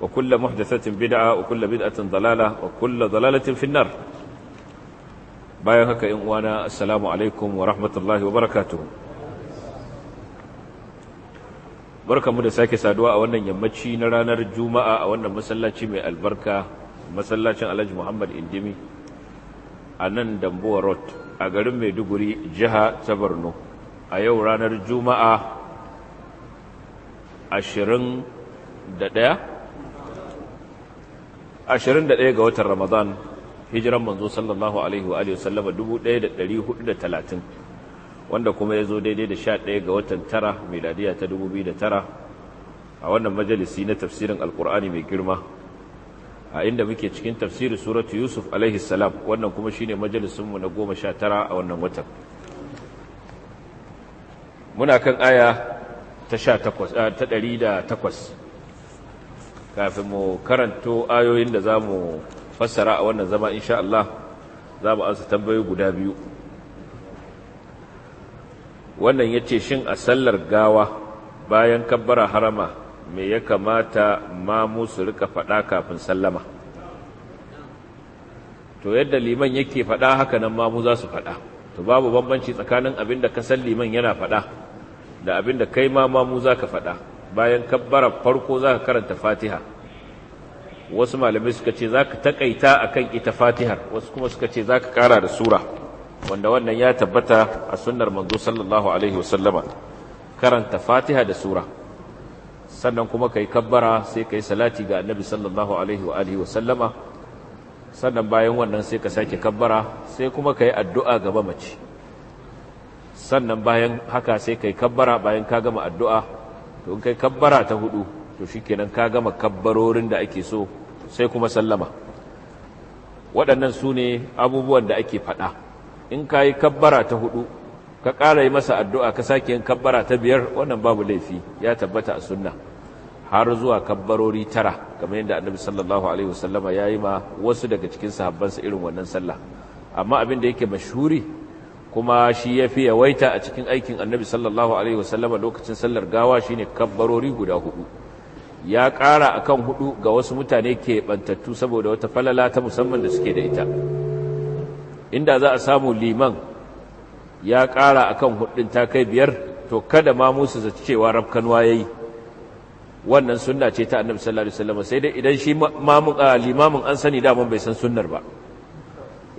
وكل محدثة بدعة وكل بدعة ضلالة وكل ضلالة في النار بايهك إن وانا السلام عليكم ورحمة الله وبركاته barka mu da sake saduwa a wannan yammaci na ranar juma'a a wannan masallaci mai albarka masallacin alhaji muhammad indimi a nan dambuwa road a garin maiduguri jiha ta borno a yau ranar juma'a ashirin da ɗaya 21 ga watan Ramadan hijiran manzo sallallahu alaihi wa hudu da 1430 wanda kuma ya zo daidai da 11 ga watan 9 miladiya ta 2009 a wannan majalisi na tafsirin alkur'ani mai girma a inda muke cikin tafsirin suratu yusuf alaihi salam wannan kuma shine majalisinmu na 19 a wannan watan muna kan aya ta 18 eh, ta 108 kafin mu karanto ayoyin da za mu fassara a wannan zama insha Allah za mu ansa tambayoyi guda biyu wannan ya ce shin a sallar gawa bayan kabbara harama me ya kamata mamu su rika faɗa kafin sallama to yadda liman yake faɗa haka nan mamu za su faɗa to babu bambanci tsakanin abinda da ka san liman yana faɗa da abinda kai ma mamu za ka faɗa bayan kabbara farko za ka karanta fatiha wasu malamai suka ce za ka taƙaita a kan ita fatihar wasu kuma suka ce za ka ƙara da sura wanda wannan ya tabbata a sunnar manzo sallallahu alaihi wasallama karanta fatiha da sura sannan kuma ka yi kabbara sai ka yi salati ga annabi sallallahu alaihi wa alihi wasallama sannan bayan wannan sai ka sake kabbara sai kuma ka yi addu'a gaba mace sannan bayan haka sai ka yi kabbara bayan ka gama addu'a to kai kabbara ta hudu to kenan ka gama kabbarorin da ake so sai kuma sallama waɗannan su ne abubuwan da ake faɗa in ka yi kabbara ta hudu ka ƙara yi masa addu'a ka sake yin kabbara ta biyar wannan babu laifi ya tabbata a sunna har zuwa kabbarori tara kamar yadda annabi sallallahu alaihi wasallama ya yi ma wasu daga cikin sahabbansa irin wannan sallah amma abin da yake mashuri. kuma shi ya fi yawaita a cikin aikin annabi sallallahu alaihi wasallama lokacin sallar gawa shine kabbarori guda hudu ya ƙara kan hudu ga wasu mutane ke bantattu saboda wata falala ta musamman da suke da ita inda za a samu liman ya ƙara akan hudun ta kai biyar to kada ma musu zaci cewa rafkanwa yayi wannan sunna ce ta annabi sallallahu alaihi wasallama sai dai idan shi limamin an sani daman bai san sunnar ba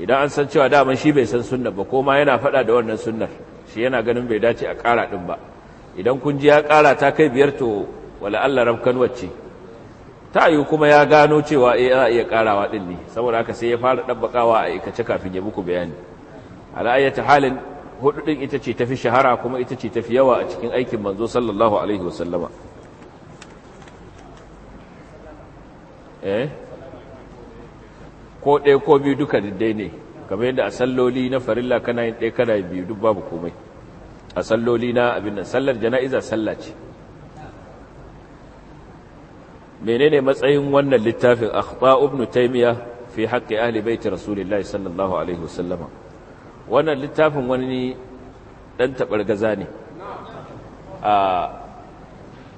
idan an san cewa daman shi bai san sunnar ba ko ma yana faɗa da wannan sunnar shi yana ganin bai dace a kara ɗin ba idan kun ji ya kara ta kai biyar to wala Allah rabkan wacce ta yi kuma ya gano cewa eh a iya karawa din ne saboda haka sai ya fara dabbakawa a aikace kafin ya muku bayani ala'ayyata halin hudu ɗin ita ce tafi shahara kuma ita ce tafi yawa a cikin aikin manzo sallallahu alaihi wasallama eh ko ɗaya ko biyu duka daidai ne game yadda a salloli na farilla kana yin ɗaya kana biyu duk babu komai a salloli na abin nan sallar jana'iza salla ce menene matsayin wannan littafin akhta ibn taymiya fi haqqi ahli baiti rasulillahi sallallahu alaihi wasallama wannan littafin wani dan tabargaza ne a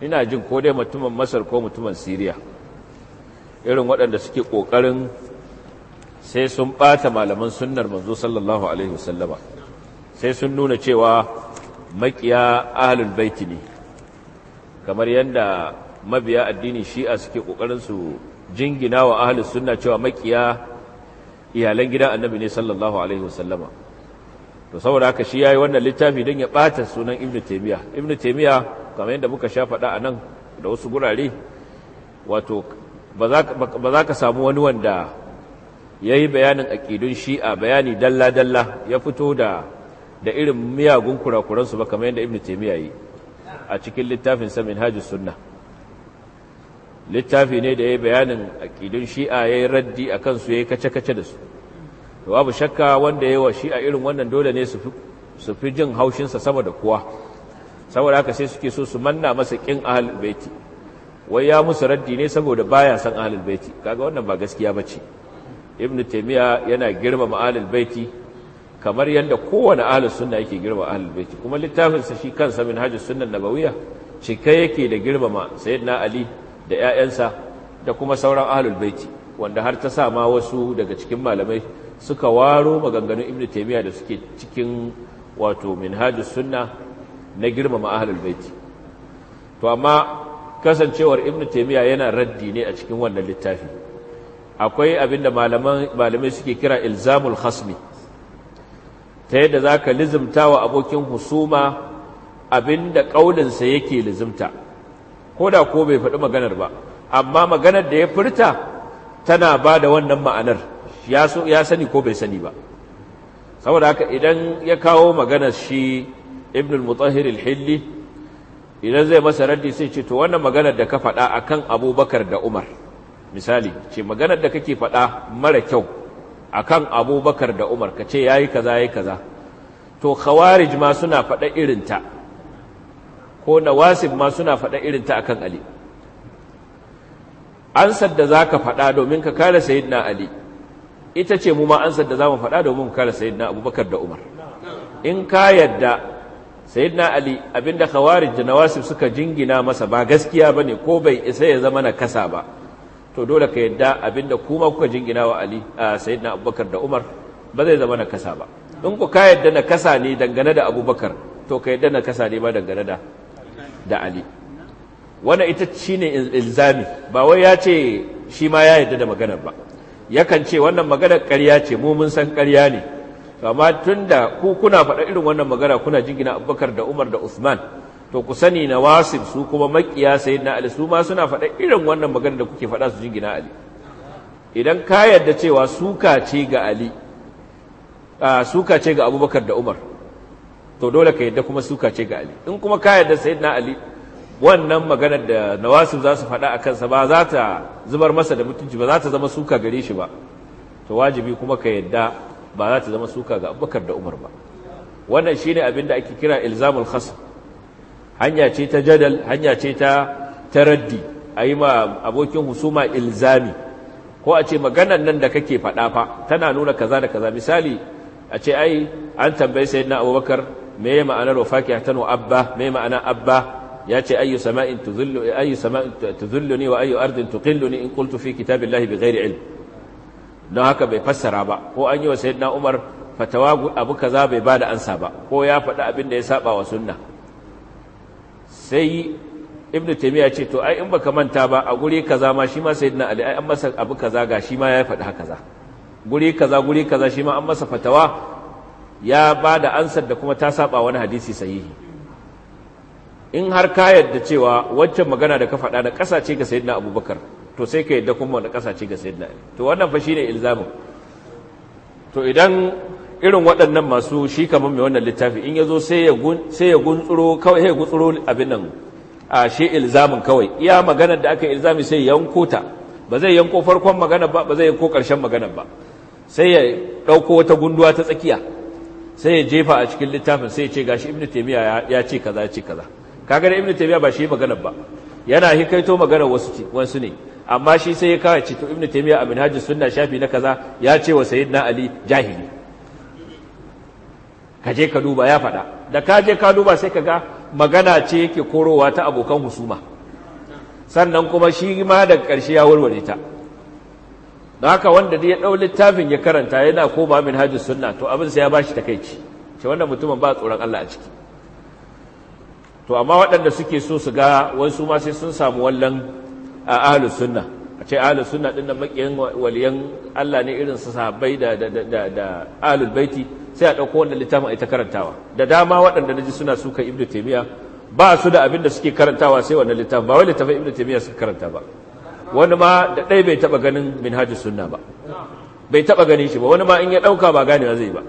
ina jin ko dai mutumin masar ko mutumin siriya irin waɗanda suke ƙoƙarin sai sun ɓata malaman sunnar manzo sallallahu alaihi wasallama sai sun nuna cewa makiya ahlul baiti ne kamar yadda mabiya addini shi'a suke kokarin su jingina wa ahlus sunna cewa makiya iyalan gidan annabi ne sallallahu alaihi wasallama to saboda haka shi yayi wannan littafi don ya bata sunan ibnu taymiya ibnu taymiya kamar yadda muka sha faɗa anan da wasu gurare wato ba za ka samu wani wanda ya yi bayanin aƙidun shi'a bayani dalla-dalla ya fito da da irin miyagun kurakuransu ba kamar yadda ibn taimiyya yi a cikin littafin samin hajji sunna littafi ne da ya yi bayanin aƙidun shi'a ya yi raddi a kansu ya yi kace-kace da su babu shakka wanda ya yi wa shi'a irin wannan dole ne su fi jin haushinsa sama da kuwa saboda haka sai suke so su manna masa ƙin ahalul baiti wai ya musu raddi ne saboda baya san ahalul baiti kaga wannan ba gaskiya ba ce ibn taimiyya yana girmama ma'alil baiti kamar yadda kowane ahlus suna yake girmama ahlul baiti kuma littafinsa shi kansa min na sunnah nabawiyya cike yake da girmama na ali da 'ya'yansa da kuma sauran ahlul baiti wanda har ta sa ma wasu daga cikin malamai suka waro maganganun ibn taimiyya da suke cikin wato min hajji suna na girmama ahlul baiti to amma kasancewar ibn taimiyya yana raddi ne a cikin wannan littafi akwai abinda malamai suke kira ilzamul khasmi ta yadda za ka lizimta wa abokin husuma abinda ƙaulinsa yake lizimta ko da ko bai faɗi maganar ba amma maganar da ya furta tana ba da wannan ma'anar ya sani ko bai sani ba saboda haka idan ya kawo maganar shi ibnul mutahir al-hilli idan zai masa raddi sai ce to wannan maganar da ka faɗa akan abubakar da umar misali ce maganar da kake faɗa mara kyau a kan abubakar da umar ka ce ya yi kaza ya yi kaza to khawarij ma suna faɗa irinta ko nawasib ma suna faɗa irinta akan ali ansar da za ka faɗa domin ka kare sayidina ali ita ce mu ma ansar da za mu faɗa domin ka kare sayidina abubakar da umar in ka yadda sayidina ali abinda khawarij da nawasib suka jingina masa ba gaskiya bane ko bai isa ya zama na kasa ba to dole ka yadda abinda kuma kuka jingina wa ali a sayyidina abubakar da umar ba zai zama na kasa ba in ku ka yadda na kasa ne dangane da abubakar to ka yadda na kasa ne ba dangane da da ali wannan ita shine ilzami ba wai ya ce shi ma ya yadda da maganar ba yakan ce wannan maganar ƙarya ce mu mun san ƙarya ne amma tunda ku kuna faɗa irin wannan magana kuna jingina abubakar da umar da usman to ku sani na wasif su kuma makiya na ali su ma suna faɗa irin wannan magana da kuke faɗa su jingina ali idan ka yarda cewa suka ce ga ali suka ce ga abubakar da umar to dole ka yadda kuma suka ce ga ali in kuma ka yarda na ali wannan magana da nawasif za su faɗa a kansa ba za ta zubar masa da mutunci ba za ta zama suka gare shi ba to wajibi kuma ka yadda ba za ta zama suka ga abubakar da umar ba wannan shine abin da ake kira ilzamul khasm hanya ce ta jadal hanya ce ta taraddi a yi ma abokin husuma ilzami ko a ce maganan nan da kake faɗa fa tana nuna kaza da kaza misali a ce ai an tambayi na abubakar me ya ma'anar wa fakihatan wa abba me ma'ana abba ya ce ayyu sama'in tuzillu ayyu sama'in tuzulluni wa ayyu ardin ni in qultu fi kitabillahi bighairi ilm don haka bai fassara ba ko an yi wa sayyidina umar fatawa abu kaza bai bada ansa ba ko ya faɗi abin da ya saba wa sunna sai ibn taymiya ce to ai in baka manta ba a guri kaza ma shi ma sayyidina ali ai an masa abu kaza ga shi ma ya faɗi haka za guri kaza guri kaza shi ma an masa fatawa ya ba da ansar da kuma ta saba wani hadisi sahihi in har ka yadda cewa wancan magana da ka faɗa na ƙasa ce ga sayyidina abubakar to sai ka yadda kuma na ƙasa ce ga sayyidina ali to wannan fa shine ilzamin to idan irin waɗannan masu shi kamar mai wannan littafi in ya zo sai ya guntsuro kawai ya gutsuro abin nan a shi ilzamin kawai iya maganar da aka ilzami sai yanko ta ba zai yanko farkon maganar ba ba zai yanko ƙarshen maganar ba sai ya ɗauko wata gunduwa ta tsakiya sai ya jefa a cikin littafin sai ya ce gashi ibnu taymiya ya ce kaza ya ce kaza kaga da ibnu taymiya ba shi maganar ba yana hikaito maganar wasu wasu ne amma shi sai ya kawo ci to ibnu taymiya a minhajus sunna shafi na kaza ya ce wa sayyidina ali jahili ka je ka duba ya faɗa da ka je ka duba sai ka ga magana ce yake korowa ta abokan husuma sannan kuma shi ma da ƙarshe ya warware ta da haka wanda da ya ɗau littafin ya karanta yana koma min hajji sunna to abin sai ya ba shi takaici ce wanda mutumin ba tsoron Allah a ciki to amma waɗanda suke so su ga wasu ma sai sun samu wallan a ahlus sunna a ce ahlus sunna din nan makiyan waliyan Allah ne irin su sahabbai da da da ahlul baiti sai a ɗauko wannan littafin a ita karantawa da dama waɗanda na ji suna suka ibn taimiyya ba su da abin da suke karantawa sai wannan littafin ba wai littafin ibn taimiyya suka karanta ba wani ma da ɗai bai taɓa ganin minhajin sunna ba bai taɓa ganin shi ba wani ma in ya ɗauka ba gane zai ba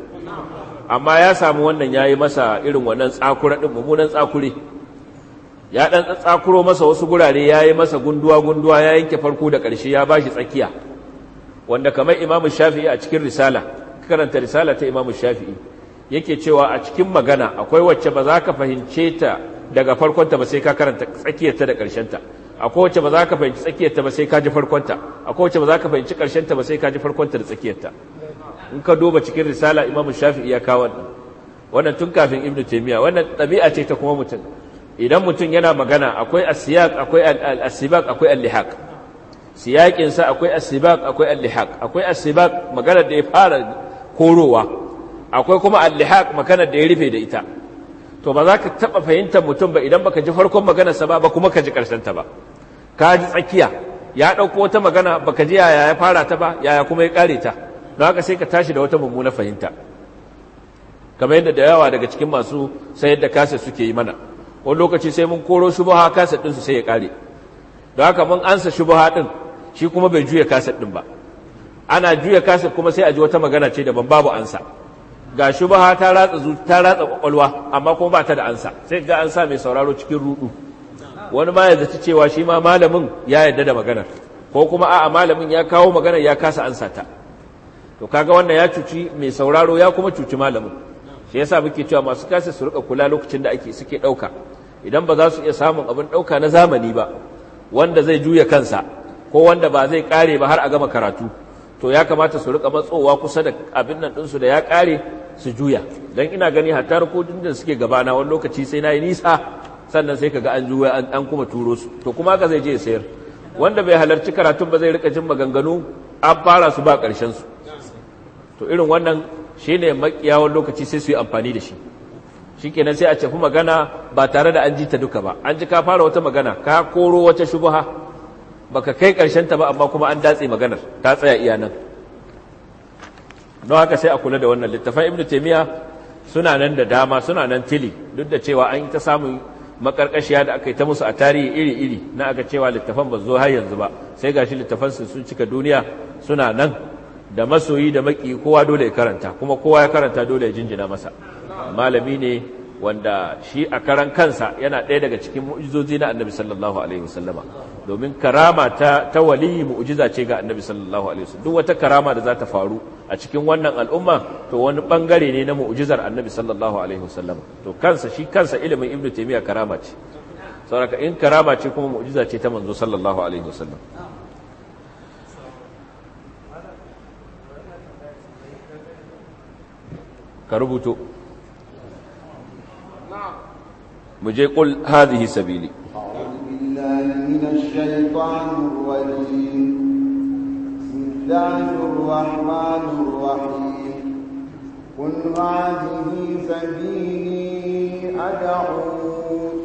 amma ya samu wannan ya yi masa irin wannan tsakura ɗin mummunan tsakure ya ɗan tsakuro masa wasu gurare ya yi masa gunduwa-gunduwa ya yanke farko da ƙarshe ya ba shi tsakiya wanda kamar imamu shafi'i a cikin risala karanta risala ta imamu shafi'i yake cewa a cikin magana akwai wacce ba za ka fahimce ta daga farkonta ba sai ka karanta tsakiyarta da ta akwai wacce ba za ka fahimci tsakiyarta ba sai ka ji farkonta akwai wacce ba za ka fahimci ta ba sai ka ji farkonta da tsakiyarta in ka duba cikin risala imamu shafi'i ya kawo wannan wannan tun kafin ibnu taymiya wannan ɗabi'a ce ta kuma mutum idan mutum yana magana akwai asiyaq akwai al-asibaq akwai al-lihaq siyaƙinsa akwai asibaq akwai al-lihaq akwai asibaq maganar da ya fara korowa akwai kuma al-lihaq maganar da ya rufe da ita to ba za ka taɓa fahimtar mutum ba idan baka ji farkon maganarsa ba ba kuma ka ji ta ba ka ji tsakiya ya ɗauko wata magana baka ji yaya ya fara ta ba yaya kuma ya kare ta don haka sai ka tashi da wata mummuna fahimta kamar yadda da yawa daga cikin masu sayar da kasa suke yi mana wani lokaci sai mun koro shubuha kasa su sai ya kare don haka mun ansa shubuha din, shi kuma bai juya kasa din ba ana juya kasa kuma sai a ji wata magana ce daban babu ansa ga shubaha ta ratsa ta ratsa kwakwalwa amma kuma ba ta da ansa sai ga ansa mai sauraro cikin rudu wani ma ya zaci cewa shi ma malamin ya yarda da maganar ko kuma a'a malamin ya kawo maganar ya kasa ansa ta to kaga wannan ya cuci mai sauraro ya kuma cuci malamin shi yasa muke cewa masu kasa su rika kula lokacin da ake suke dauka idan ba za su iya samun abin dauka na zamani ba wanda zai juya kansa ko wanda ba zai kare ba har a gama karatu to ya kamata su rika matsowa kusa da abin nan ɗinsu da ya ƙare su juya don ina gani hatta ko da suke gabana wani lokaci sai na yi nisa sannan sai kaga an juya an kuma turo su to kuma haka zai je ya sayar wanda bai halarci karatun ba zai rika jin maganganu an fara su ba ƙarshen su to irin wannan shine makiyawan lokaci sai su yi amfani da shi shikenan sai a cafi magana ba tare da an ji ta duka ba an ji ka fara wata magana ka koro wata shubha baka kai karshen ta ba amma kuma an datse maganar ta tsaya iya nan don haka sai a kula da wannan littafan Ibn taimiyya suna nan da dama suna nan tili duk da cewa an yi ta samun makarkashiya da aka yi ta musu a tarihi iri-iri na aka cewa littafan ba zo har yanzu ba sai gashi littafan su sun cika duniya suna nan da masoyi da maki kowa dole ya karanta kuma kowa ya karanta dole ya jinjina masa malami ne wanda shi a karan kansa yana ɗaya daga cikin mu'jizozi na annabi sallallahu alaihi wasallama domin karama ta ta waliyi ce ga annabi sallallahu alaihi wasallam duk wata karama da za ta faru a cikin wannan al'umma to wani bangare ne na mu'ujizar annabi sallallahu alaihi wasallama to kansa shi kansa ilimin ibnu taymiya karama ce saboda in karama ce kuma mu'ujiza ce ta manzo sallallahu alaihi wasallam ka rubuto مجھے قل هذه سبيلي اعوذ بالله من الشيطان الرجيم بسم الله الرحمن الرحيم قل هذه سبيلي ادعو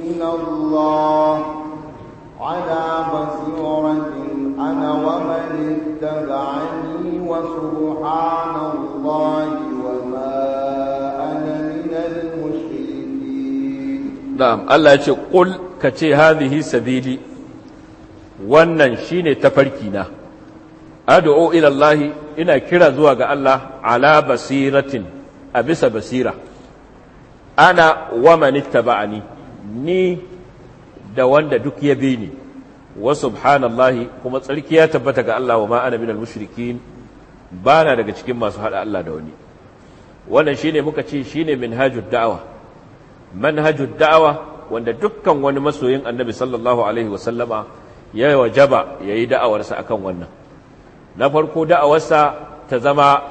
الى الله على بصيرة أنا ومن اتبعني وسبحان الله وما na'am Allah ya ce qul ka ce hadhihi sabili wannan shine tafarki na ad'u ila Allah ina kira zuwa ga Allah ala basiratin a bisa basira ana wa man ittaba'ani ni da wanda duk ya bi ni wa subhanallahi kuma tsarki ya tabbata ga Allah wa ma ana minal mushrikin bana daga cikin masu hada Allah da wani wannan shine muka ce shine minhajud da'awa manhajud da'awa wanda dukkan wani masoyin annabi sallallahu alaihi wasallama ya wajaba ya yi da'awarsa akan wannan na farko da'awarsa ta zama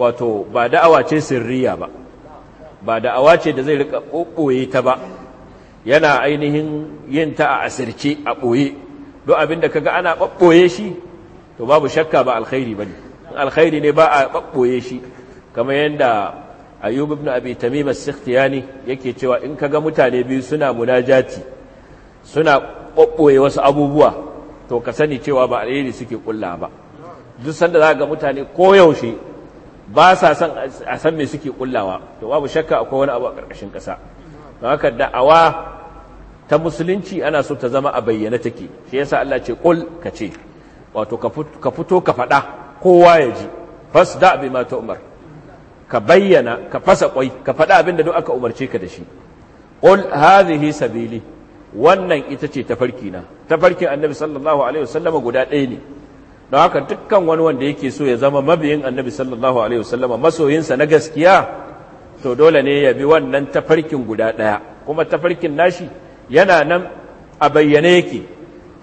wato ba da'awa ce sirriya ba ba da'awa ce da zai rika ɓoye ta ba yana ainihin yin ta a asirce a ɓoye don abin da kaga ana ɓaɓɓoye shi to babu shakka ba alkhairi ba ne alkhairi ne ba a ɓaɓɓoye shi kamar yadda ayyub ibn abi tamim as-sikhtiyani yake cewa in kaga mutane biyu suna munajati suna ƙwaɓɓoye wasu abubuwa to ka sani cewa ba alheri suke kulla ba duk sanda za ga mutane koyaushe ba sa san a san me suke kullawa to babu shakka akwai wani abu a ƙarƙashin ƙasa don haka da'awa ta musulunci ana so ta zama a bayyana take shi yasa Allah ce kul ka ce wato ka fito ka faɗa kowa ya ji fasda bima tu'mar ka bayyana ka fasa kwai ka faɗa abin da duk aka umarce ka da shi qul hadhihi sabili wannan ita ce tafarki na tafarkin annabi sallallahu alaihi wasallama guda ɗaya ne don haka dukkan wani wanda yake so ya zama mabiyin annabi sallallahu alaihi wasallama masoyinsa na gaskiya to dole ne ya bi wannan tafarkin guda ɗaya kuma tafarkin nashi yana nan a bayyane yake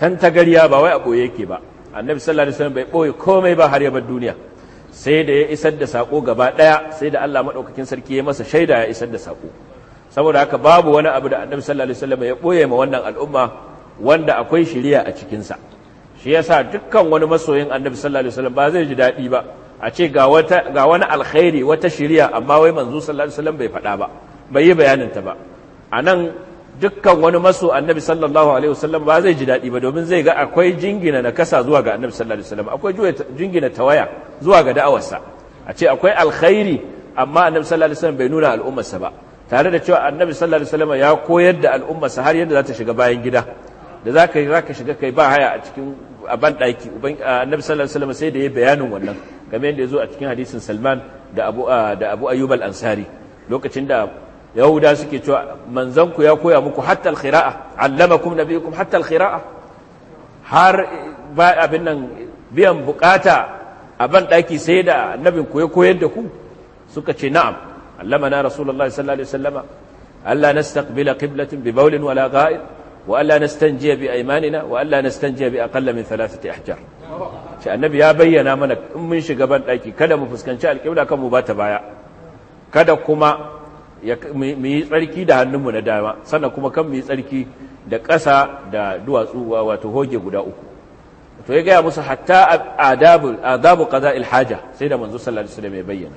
tantagariya ba wai a ɓoye yake ba annabi sallallahu alaihi wasallam bai ɓoye komai ba har ya duniya sai da ya isar da sako gaba daya sai da Allah maɗaukakin sarki ya masa shaida ya isar da sako saboda haka babu wani abu da Annabi sallallahu alaihi wasallam ya ɓoye ma wannan al'umma wanda akwai shiriya a cikinsa sa shi yasa dukkan wani masoyin Annabi sallallahu alaihi wasallam ba zai ji daɗi ba a ce ga wata ga wani alkhairi wata shiriya amma wai manzo sallallahu alaihi wasallam bai faɗa ba bai yi bayanin ta ba anan dukkan wani maso annabi sallallahu alaihi wasallam ba zai ji daɗi ba domin zai ga akwai jingina na kasa zuwa ga annabi sallallahu alaihi wasallam akwai jingina tawaya zuwa ga da'awarsa a ce akwai alkhairi amma annabi sallallahu alaihi wasallam bai nuna al'ummarsa ba tare da cewa annabi sallallahu alaihi wasallam ya koyar da al'ummarsa har yadda za ta shiga bayan gida da za ka za ka shiga kai ba haya a cikin a ban daki annabi sallallahu alaihi wasallam sai da ya bayanin wannan game da ya zo a cikin hadisin Salman da Abu da Abu Ayyub ansari lokacin da Yahuda suke cewa manzon ku ya koya muku hatta al-khira'a allamakum nabiyukum hatta al-khira'a har ba abin nan biyan bukata a ban ɗaki sai da annabin ku ya koyar da ku suka ce na'am allama na rasulullahi sallallahu alaihi wasallama alla nastaqbila qiblatin bi bawlin wala gha'id wa alla nastanjiya bi aymanina wa alla nastanjiya bi aqalla min thalathati ahjar shi annabi ya bayyana mana in mun shiga ban ɗaki kada mu fuskanci alƙibla kan mu bata baya kada kuma mu yi tsarki da hannunmu na dama sannan kuma kan mu yi tsarki da ƙasa da duwatsu wato hoge guda uku to ya gaya musu hatta adabu adabu ilhaja haja sai da manzo sallallahu alaihi wasallam ya bayyana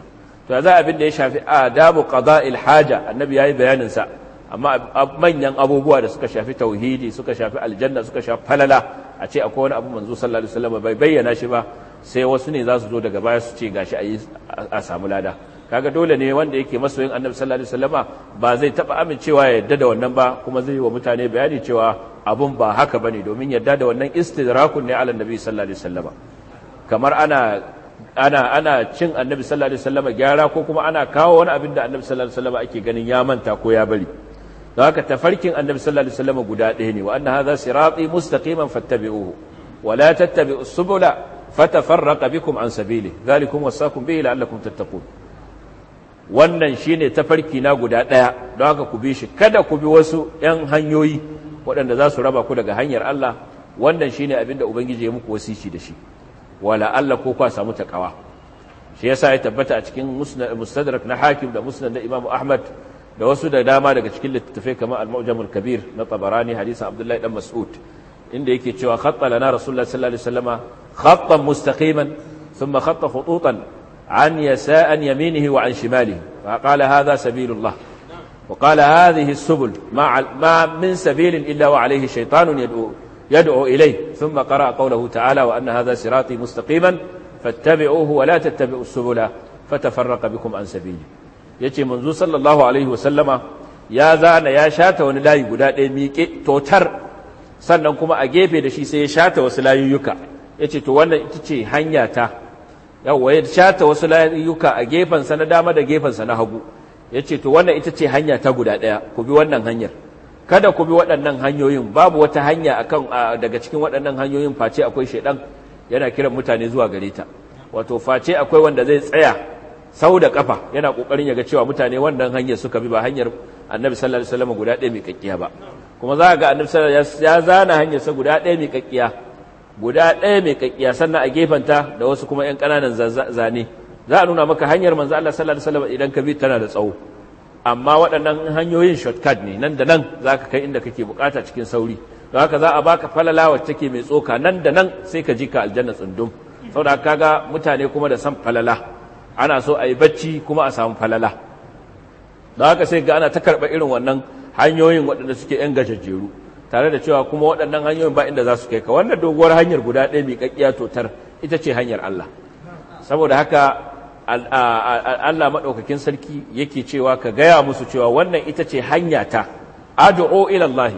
to ya za abin da ya shafi adabu qada'il haja annabi yayi bayanin sa amma manyan abubuwa da suka shafi tauhidi suka shafi aljanna suka shafi falala a ce akwai wani abu manzo sallallahu alaihi wasallam bai bayyana shi ba sai wasu ne za su zo daga baya su ce gashi a samu lada kaga dole ne wanda yake masoyin annabi sallallahu alaihi wasallama ba zai taba amincewa ya yadda da wannan ba kuma zai yi wa mutane bayani cewa abun ba haka bane domin yadda da wannan istidrakun ne ala annabi sallallahu alaihi wasallama kamar ana ana ana cin annabi sallallahu alaihi wasallama gyara ko kuma ana kawo wani abin da annabi sallallahu alaihi wasallama ake ganin ya manta ko ya bari don haka tafarkin annabi sallallahu alaihi wasallama guda ɗaya ne wa anna hadha sirati mustaqiman fattabi'uhu wa la tattabi'us subula fatafarraqa bikum an sabili dhalikum wasaqakum bihi la'allakum tattaqun wannan shine tafarki na guda ɗaya don haka ku bi shi kada ku bi wasu 'yan hanyoyi waɗanda za su raba ku daga hanyar Allah wannan shine abinda ubangiji ya muku wasici da shi wala Allah ko kwa samu takawa shi sa ya tabbata a cikin mustadrak na hakim da musnad na imamu ahmad da wasu da dama daga cikin littattafai kamar al-mu'jamul kabir na tabarani hadisin abdullahi dan mas'ud inda yake cewa khatta lana rasulullahi sallallahu alaihi wasallama khattan mustaqiman thumma khatta khututan عن يساء عن يمينه وعن شماله فقال هذا سبيل الله وقال هذه السبل ما, ما من سبيل إلا وعليه شيطان يدعو, يدعو إليه ثم قرأ قوله تعالى وأن هذا صراطي مستقيما فاتبعوه ولا تتبعوا السبل فتفرق بكم عن سبيله yace manzo sallallahu alaihi wasallama ya zana ya shata wani layi guda ɗaya miƙe totar sannan kuma a gefe da shi sai ya shata wasu layuyyuka yace to wannan ita ce hanya ta yawwa ya shata wasu layuka a gefensa na dama da gefensa na hagu ya ce to wannan ita ce hanya ta guda daya ku bi wannan hanyar kada ku bi waɗannan hanyoyin babu wata hanya akan daga cikin waɗannan hanyoyin face akwai shaidan yana kiran mutane zuwa gare ta wato face akwai wanda zai tsaya sau da kafa yana kokarin ya ga cewa mutane wannan hanyar suka bi ba hanyar annabi sallallahu alaihi wasallam guda daya mai kakkiya ba kuma za ga annabi sallallahu alaihi wasallam ya zana hanyar sa guda daya mai kakkiya guda ɗaya mai kakkiya sannan a gefanta da wasu kuma 'yan ƙananan zane za a nuna maka hanyar manzo Allah sallallahu alaihi wasallam idan ka bi tana da tsawo amma waɗannan hanyoyin shortcut ne nan da nan za ka kai inda kake bukata cikin sauri don haka za a baka falala wacce take mai tsoka nan da nan sai ka ji ka aljanna tsundum saboda kaga mutane kuma da san falala ana so a yi bacci kuma a samu falala don haka sai ga ana ta karɓa irin wannan hanyoyin waɗanda suke yan gajajjeru tare da cewa kuma waɗannan hanyoyin ba inda za su kai ka wannan doguwar hanyar guda ɗaya miƙaƙƙiya totar ita ce hanyar Allah saboda haka Allah maɗaukakin sarki yake cewa ka gaya musu cewa wannan ita ce hanya ta ad'u ila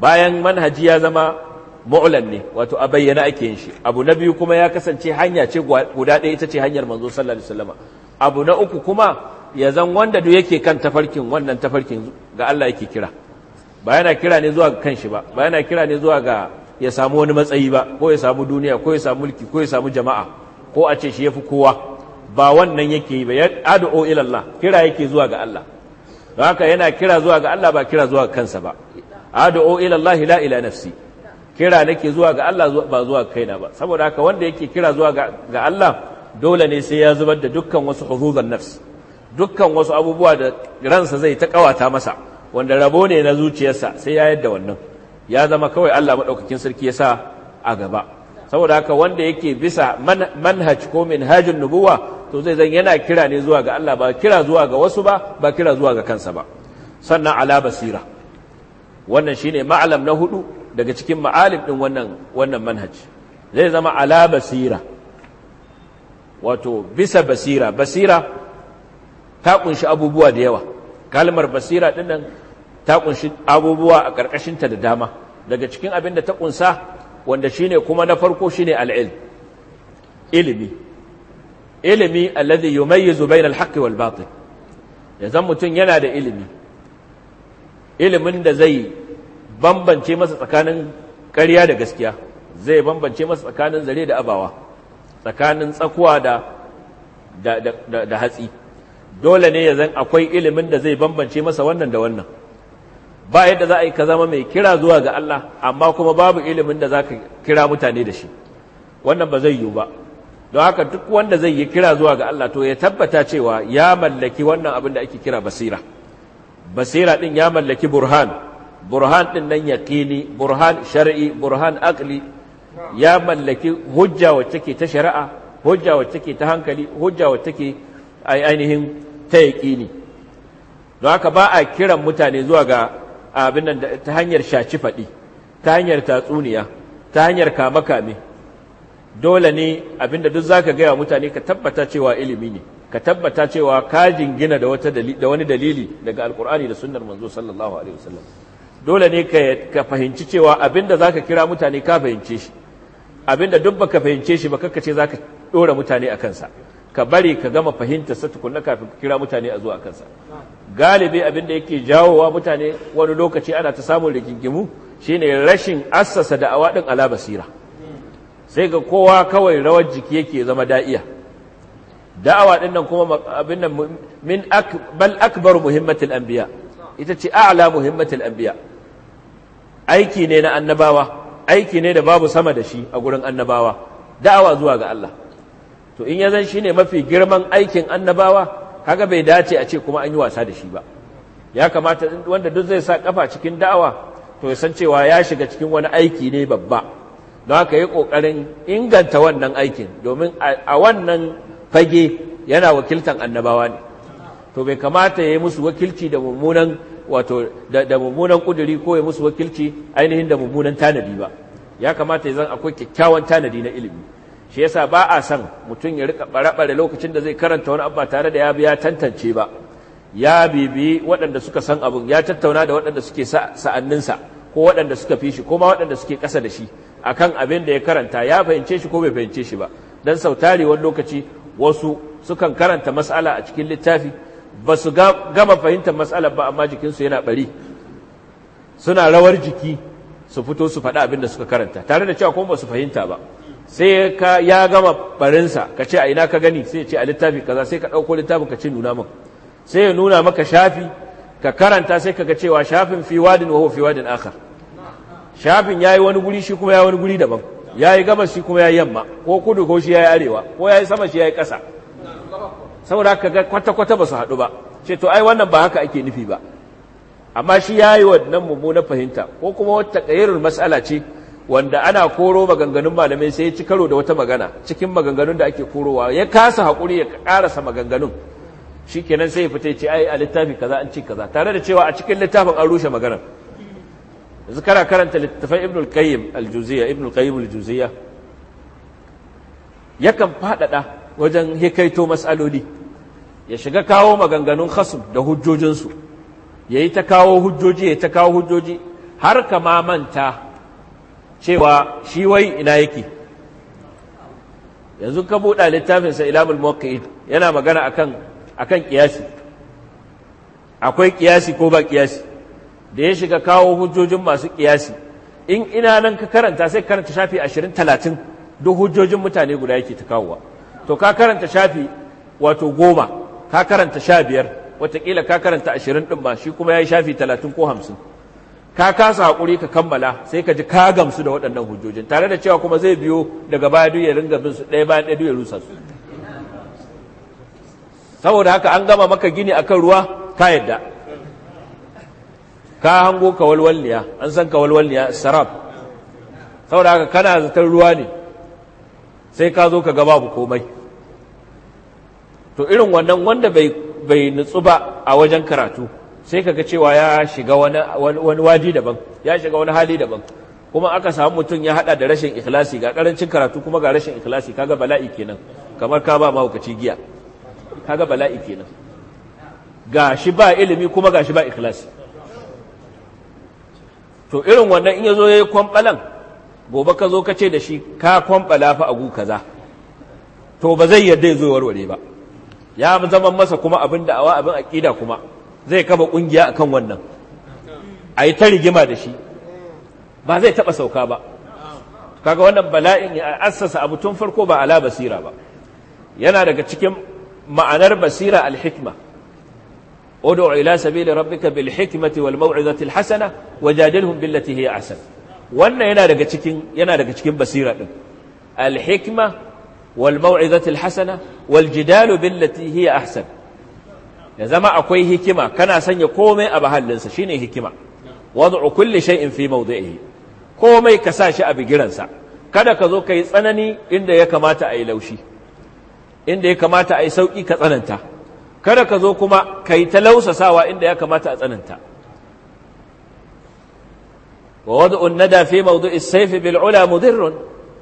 bayan manhaji ya zama mu'lan ne wato a bayyana ake yin shi abu na biyu kuma ya kasance hanya ce guda ɗaya ita ce hanyar manzo sallallahu alaihi wasallam abu na uku kuma ya zan wanda duk yake kan tafarkin wannan tafarkin ga Allah yake kira ba yana kira ne zuwa ga kanshi ba ba yana kira ne zuwa ga ya samu wani matsayi ba ko ya samu duniya ko ya samu mulki ko ya samu jama'a ko a ce shi yafi kowa ba wannan yake yi ba ya ad'u ila Allah kira yake zuwa ga Allah haka yana kira zuwa ga Allah ba kira zuwa ga kansa ba ad'u ila Allah la ila nafsi kira nake zuwa ga Allah ba zuwa kaina ba saboda haka wanda yake kira zuwa ga Allah dole ne sai ya zubar da dukkan wasu huzuzan nafsi dukkan wasu abubuwa da ransa zai ta kawata masa wanda rabo ne na zuciyarsa sai ya yadda wannan ya zama kawai Allah maɗaukakin sarki ya sa a gaba saboda haka wanda yake bisa manhaj ko minhajin nubuwa to zai zan yana kira ne zuwa ga Allah ba kira zuwa ga wasu ba ba kira zuwa ga kansa ba sannan ala basira wannan shine ma'alam na hudu daga cikin ma'alim din wannan wannan manhaj zai zama ala basira wato bisa basira basira ta kunshi abubuwa da yawa kalmar basira din nan ta kunshi abubuwa a ƙarƙashinta da dama daga cikin abin da ta kunsa wanda shine kuma na farko shine al'il ilimi ilimi alladhi yumayyizu bainal haqqi wal batil yanzu mutum yana da ilimi ilimin da zai bambance masa tsakanin ƙarya da gaskiya zai bambance masa tsakanin zare da abawa tsakanin tsakuwa da da hatsi dole ne ya zan akwai ilimin da zai bambance masa wannan da wannan ba yadda za a yi ka zama mai kira zuwa ga Allah amma kuma babu ilimin da za ka kira mutane da shi wannan ba zai yiwu ba don haka duk wanda zai yi kira zuwa ga Allah to ya tabbata cewa ya mallaki wannan abin da ake kira basira basira din ya mallaki burhan burhan din nan yaqini burhan shar'i burhan aqli ya mallaki hujja wacce ke ta shari'a hujja wacce ke ta hankali hujja wacce ke ainihin ta yaƙini don haka ba a kiran mutane zuwa ga abin nan ta hanyar shaci faɗi ta hanyar tatsuniya ta hanyar kame-kame dole ne abin da duk za ka gaya mutane ka tabbata cewa ilimi ne ka tabbata cewa ka jingina da wani dalili daga Alƙur'ani da sunnar manzo sallallahu alaihi wasallam dole ne ka fahimci cewa abinda zaka kira mutane ka fahimce shi abinda duk baka fahimce shi ba kakkace zaka ɗora mutane a kansa. ka bari ka gama fahimta sa tukunna kafin ka kira mutane a zuwa kansa galibi abin da yake jawowa mutane wani lokaci ana ta samun rigingimu shine rashin assasa da'awa din ala basira sai ga kowa kawai rawar jiki yake zama da'iya da'awa din nan kuma abin nan min bal akbar muhimmatul anbiya ita ce a'la muhimmatul anbiya aiki ne na annabawa aiki ne da babu sama da shi a gurin annabawa da'awa zuwa ga Allah to in ya zan shi ne mafi girman aikin annabawa haka bai dace a ce kuma an yi wasa da shi ba ya kamata wanda duk zai sa kafa cikin da'awa to ya san cewa ya shiga cikin wani aiki ne babba don haka yi kokarin inganta wannan aikin domin a wannan fage yana wakiltan annabawa ne to bai kamata ya yi musu wakilci da mummunan wato da mummunan kuduri ko ya musu wakilci ainihin da mummunan tanadi ba ya kamata ya zan akwai kyakkyawan tanadi na ilimi shi yasa ba a san mutum ya rika bare lokacin da zai karanta wani abu tare da ya biya tantance ba ya bibi waɗanda suka san abun ya tattauna da waɗanda suke sa'anninsa ko waɗanda suka fi shi ko ma waɗanda suke ƙasa da shi akan abin da ya karanta ya fahimce shi ko bai fahimce shi ba dan sau wani lokaci wasu sukan karanta mas'ala a cikin littafi ba su gama fahimtar mas'alar ba amma jikinsu yana bari suna rawar jiki su fito su faɗa abin da suka karanta tare da cewa ko ba su fahimta ba sai ka ya gama barinsa ka ce a ina ka gani sai ya ce a littafi kaza sai ka ɗauko littafin ka ce nuna min sai ya nuna maka shafi ka karanta sai ka ga cewa shafin fi wadin wa fi wadin akhar shafin yayi wani guri shi kuma yayi wani guri daban yayi gabas shi kuma yayi yamma ko kudu ko shi yayi arewa ko yayi sama shi yayi ƙasa saboda ka ga kwata kwata ba su haɗu ba ce to ai wannan ba haka ake nufi ba amma shi yayi wannan mummunar fahimta ko kuma wata ƙayyarul matsala ce wanda ana koro maganganun malamai sai ya ci karo da wata magana cikin maganganun da ake korowa ya kasa haƙuri ya ƙarasa maganganun shi kenan sai ya fita ce ai a littafi kaza an ci kaza tare da cewa a cikin littafin an rushe maganar yanzu kana karanta littafin ibn al-qayyim al-juziyya ibn al-qayyim al-juziyya yakan faɗaɗa wajen hikaito mas'aloli ya shiga kawo maganganun khasum da hujjojinsu ya yi ta kawo hujjoji ya ta kawo hujjoji har ka manta. cewa shi wai ina yake yanzu ka buɗa sa ilamul muwaqqi'in yana magana akan akan kiyasi akwai kiyasi ko ba kiyasi da ya shiga kawo hujjojin masu kiyasi in ina nan ka karanta sai karanta shafi 20 30 duk hujjojin mutane guda yake ta kawowa to ka karanta shafi wato goma ka karanta sha biyar watakila ka karanta ashirin ɗin ba shi kuma ya yi shafi talatin ko hamsin ka kasa hakuri ka kammala sai ka ji ka gamsu da waɗannan hujjojin tare da cewa kuma zai biyo daga baya duk ya ringa bin su ɗaya bayan ɗaya duk ya rusa su saboda haka an gama maka gini akan ruwa ka yadda ka hango ka walwalniya an san ka walwalniya sarab saboda haka kana zatar ruwa ne sai ka zo ka ga babu komai to irin wannan wanda bai nutsu ba a wajen karatu sai kaga cewa ya shiga wani wani wadi daban ya shiga wani hali daban kuma aka samu mutum ya hada da rashin ikhlasi ga karancin karatu kuma ga rashin ikhlasi kaga bala'i kenan kamar ka ba mahaukaci giya kaga bala'i kenan ga shi ba ilimi kuma ga shi ba ikhlasi to irin wannan in yazo yayi kwambalan gobe ka zo ka ce da shi ka kwambala fa agu kaza to ba zai yadda ya zo warware ba ya zama masa kuma abin da'awa abin aqida kuma zai ƙungiya a kan wannan Ayi yi ta rigima da shi ba zai taba sauka ba kaga wannan bala'in ya assasa abu tun farko ba ala basira ba yana daga cikin ma'anar basira alhikma ud'u ila sabili rabbika bil hikmati wal maw'izati al hasana wajadilhum billati hiya ahsan wannan yana daga cikin basira din al hikma wal maw'izati al hasana wal jidalu billati ya zama akwai hikima kana sanya komai a mahallinsa shine hikima wad'u kulli shay'in fi mawdi'ihi komai ka sa shi a bigiransa kada ka zo kai tsanani inda ya kamata a yi laushi inda ya kamata a yi sauki ka tsananta kada ka zo kuma kai ta lausasawa inda ya kamata a tsananta wa wad'u an-nada fi mawdi'is sayfi bil 'ula mudirrun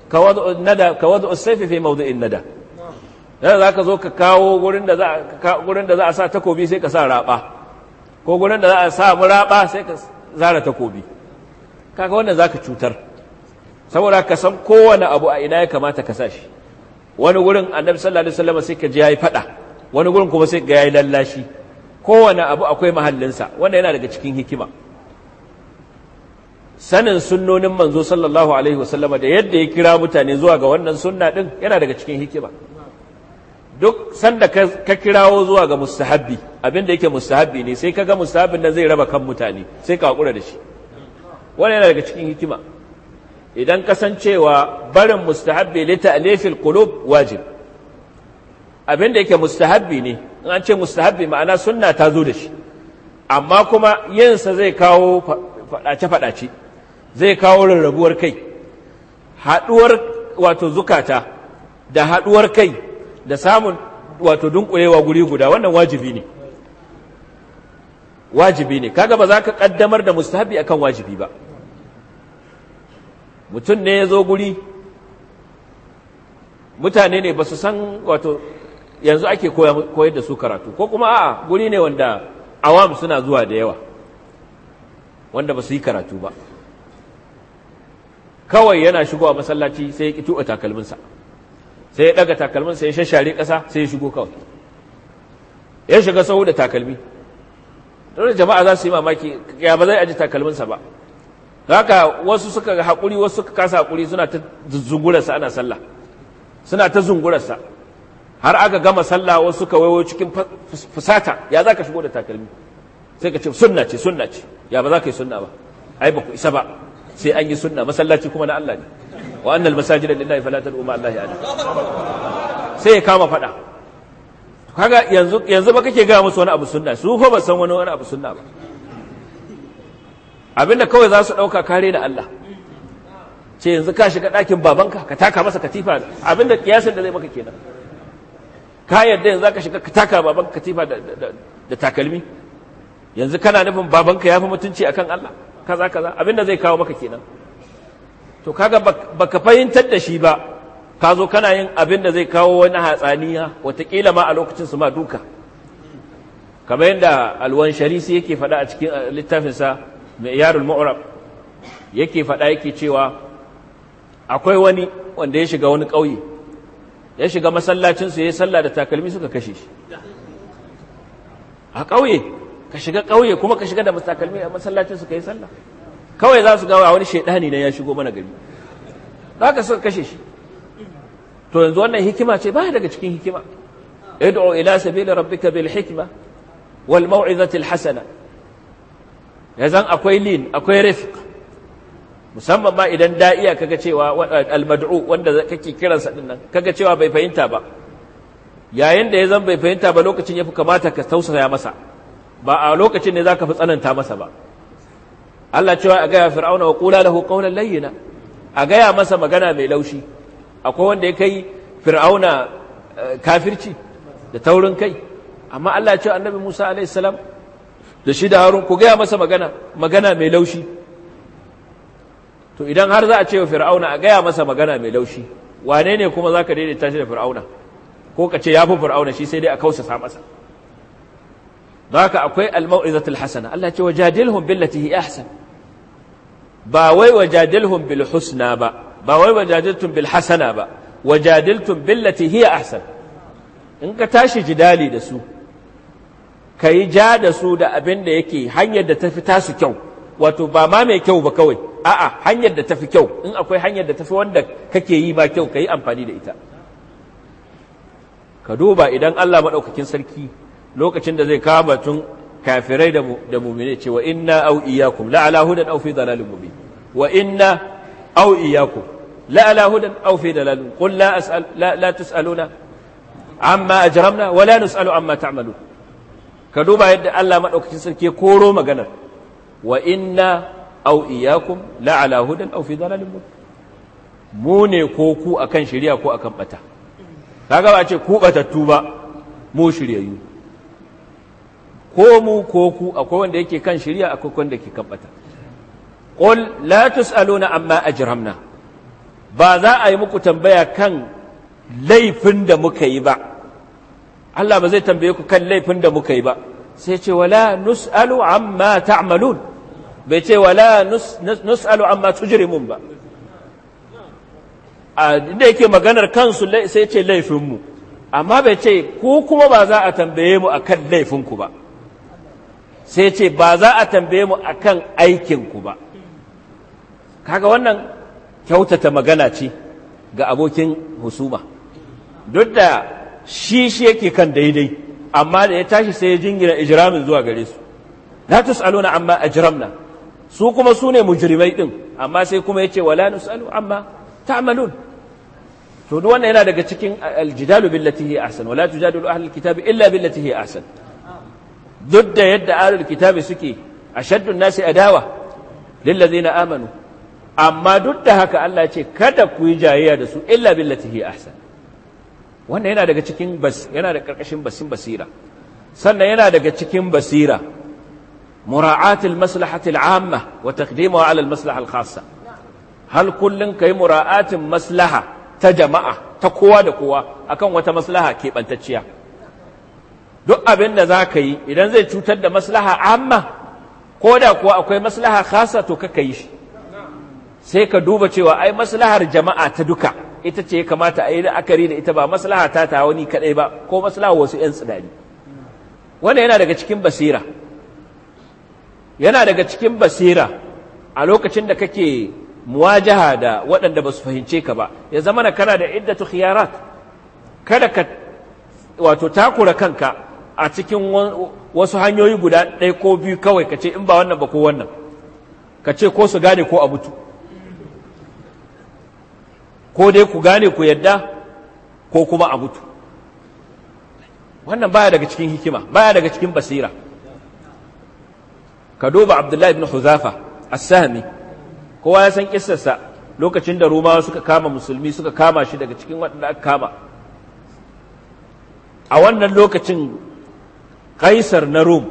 ka wad'u an-nada ka wad'u as-sayfi fi mawdi'in nada dan za ka zo ka kawo gurin da za a sa takobi sai ka sa raba ko gurin da za a sa raba sai ka zara takobi kaga wanda za ka cutar saboda ka san kowane abu a ina ya kamata ka sa shi wani gurin annabi sallallahu alaihi wasallam sai ka ji yayi fada wani gurin kuma sai ga yayi lallashi kowane abu akwai mahallinsa wanda yana daga cikin hikima sanin sunnonin manzo sallallahu alaihi wasallam da yadda ya kira mutane zuwa ga wannan sunna din yana daga cikin hikima duk sanda ka kirawo zuwa ga mustahabbi abinda yake mustahabbi ne sai kaga mustahabbin nan zai raba kan mutane sai ka hakura da shi wannan yana daga cikin hikima idan kasancewa barin mustahabbi li ta'lifil qulub wajib abinda yake mustahabbi ne in an ce mustahabbi ma'ana sunna ta zo da shi amma kuma yinsa zai kawo fadace fadace zai kawo rarrabuwar kai haduwar wato zukata da haduwar kai da samun wato dunkulewa guri guda wannan wajibi ne wajibi ne kaga ba za ka kaddamar da mustahabi akan wajibi ba mutum ne ya zo guri mutane ne ba su san wato yanzu ake koyar da su karatu ko kuma a'a guri ne wanda awam suna zuwa da yawa wanda ba su yi karatu ba kawai yana shigowa masallaci sai ya ƙi tuɓa takalminsa sai ya daga takalmin sai ya shashare kasa sai ya shigo kawai ya shiga sahu da takalmi don jama'a za su yi mamaki ya ba zai aji takalminsa ba haka wasu suka haƙuri wasu suka kasa haƙuri suna ta zungurarsa ana sallah suna ta zungurarsa har aka gama sallah wasu suka waiwo cikin fusata ya za ka shigo da takalmi sai ka ce sunna ce sunna ce ya ba za ka yi sunna ba ai ba ku isa ba sai an yi sunna masallaci kuma na Allah ne wa annal masajida lillahi fala tad'u ma allahi ahad sai ya kama fada kaga yanzu yanzu ba kake ga musu wani abu sunna su fa ba san wani abu sunna ba abinda kawai za su dauka kare da Allah ce yanzu ka shiga ɗakin babanka ka taka masa katifa abinda kiyasin da zai maka kenan ka yadda yanzu ka shiga ka taka babanka katifa da takalmi yanzu kana nufin babanka ya fi mutunci akan Allah kaza kaza abinda zai kawo maka kenan to kaga baka fahimtar da shi ba ka zo kana yin abin da zai kawo wani hatsaniya watakila ma a lokacin su ma duka kamar yadda alwan sharisi yake faɗa a cikin eh, littafinsa mai yarul mu'rab yake faɗa yake cewa akwai wani wanda ya shiga wani ƙauye ya shiga masallacinsu ya yi sallah da takalmi suka kashe shi a ƙauye ka shiga ƙauye kuma ka shiga da takalmi a masallacinsu ka yi sallah kawai za su gawa wani shaidani ne ya shigo mana gari za ka suka kashe shi to yanzu wannan hikima ce baya daga cikin hikima id'u ila sabili rabbika bil hikma wal mau'izati al hasana yazan akwai lin akwai rafiq musamman ma idan da'iya kaga cewa al mad'u wanda kake kiransa din nan kaga cewa bai fahimta ba yayin da ya zan bai fahimta ba lokacin ya fi kamata ka tausaya masa ba a lokacin ne za ka fi tsananta masa ba Allah cewa a gaya fir'auna wa kula lahu qawlan layyina a gaya masa magana mai laushi akwai wanda ya kai fir'auna eh, kafirci da taurin kai amma Allah cewa annabi Musa alaihi salam da shi da Harun ku gaya masa magana magana mai laushi to idan har za a ce wa fir'auna a gaya masa magana mai laushi wane ne kuma za ka daidaita shi da fir'auna ko ka ce ya fi fir'auna shi sai dai a kausa masa don haka akwai al-mau'izatul hasana Allah ce wajadilhum billati hi ahsan ba wai wajadilhum bil husna ba ba wai wajadiltum bil hasana ba wajadiltum billati hiya ahsan in ka tashi jidali da su ka yi ja da su da abin da yake hanyar da tafi tasu kyau wato ba ma mai kyau ba kawai a'a hanyar da tafi kyau in akwai hanyar da tafi wanda kake yi ba kyau ka yi amfani da ita ka duba idan Allah maɗaukakin sarki lokacin da zai kawo batun kafirai da mu'mini cewa inna aw iyyakum la'ala hudan aw fi dalalin mubin wa inna aw iyyakum la hudan aw fi dalalin qul la as'al la, la tus'aluna amma ajramna wa la nus'alu amma ta'malun ka duba yadda Allah madaukakin sarki koro maganar wa inna aw iyyakum la hudan aw fi dalalin mubin mu ne ko ku akan shari'a ko akan bata kaga ba ce ku batattu ba mu shiryayyu ko mu ko ku akwai wanda yake kan shirya akwai wanda ke kan bata qul la tusaluna amma ajramna ba za a yi muku tambaya kan laifin da muka yi ba Allah ba zai tambaye ku kan laifin da muka yi ba sai ce wala nus'alu amma ta'malun bai ce wala nus'alu amma tujrimun ba a da yake maganar kansu sai ce laifinmu amma bai ce ku kuma ba za a tambaye mu a kan laifinku ba sai ce ba za a tambaye mu akan aikinku ba kaga wannan kyautata magana ce ga abokin husuma duk da shi shi yake kan daidai amma da ya tashi sai ya jingina ijramin zuwa gare su la tusaluna amma ajramna su kuma su ne mujrimai din amma sai kuma yace wala nusalu amma ta'malun to duk wannan yana daga cikin aljidalu billati hi ahsan wala tujadilu ahlul kitabi illa billati hi ahsan duk da yadda alal kitabi suke a shaddun nasi adawa na amanu amma duk da haka Allah ce kada ku yi jayayya da su illa billati hi ahsan wannan yana daga cikin bas yana da karkashin basin basira sannan yana daga cikin basira mura'atil maslahati al'amma wa taqdimuha 'ala al-maslaha al-khassa hal kullun kai mura'atin maslaha ta jama'a ta kowa da kowa akan wata maslaha keɓantacciya duk abin da za ka yi idan zai cutar da maslaha amma ko da kuwa akwai maslaha khasa to ka yi shi sai ka duba cewa ai maslahar jama'a ta duka ita ce ya kamata a yi la'akari da ita ba maslaha ta ta wani kadai ba ko maslaha wasu 'yan tsinani wannan yana daga cikin basira yana daga cikin basira a lokacin da kake muwajaha da waɗanda ba su fahimce ka ba ya zama na kana da iddatu khiyarat kada ka wato takura kanka a cikin wasu hanyoyi guda ɗaya ko biyu kawai ka ce in ba wannan ba ko wannan ka ce ko su gane ko a mutu ko dai ku gane ku yadda ko kuma a mutu wannan baya daga cikin hikima baya daga cikin basira ka duba abdullahi ibn huzafa as-sahmi kowa ya san kissarsa lokacin da romawa suka kama musulmi suka kama shi daga cikin waɗanda aka kama a wannan lokacin kaisar na rom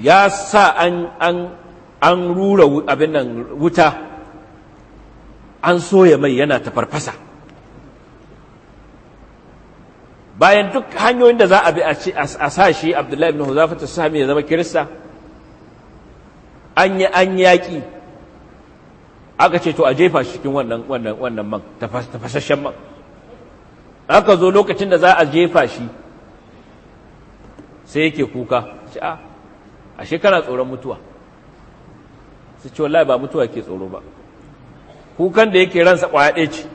ya sa an an an rura abin nan wuta an soya mai yana ta farfasa bayan duk hanyoyin da za a bi a sa shi abdullahi ibn ta sami ya zama kirista an yi an yaƙi aka ce to a jefa shi cikin wannan wannan wannan man tafasasshen man aka zo lokacin da za a jefa shi sai yake kuka a ah, shekara tsoron mutuwa su ce wallahi ba mutuwa ke tsoro ba kukan da yake ransa kwaya ɗaya ce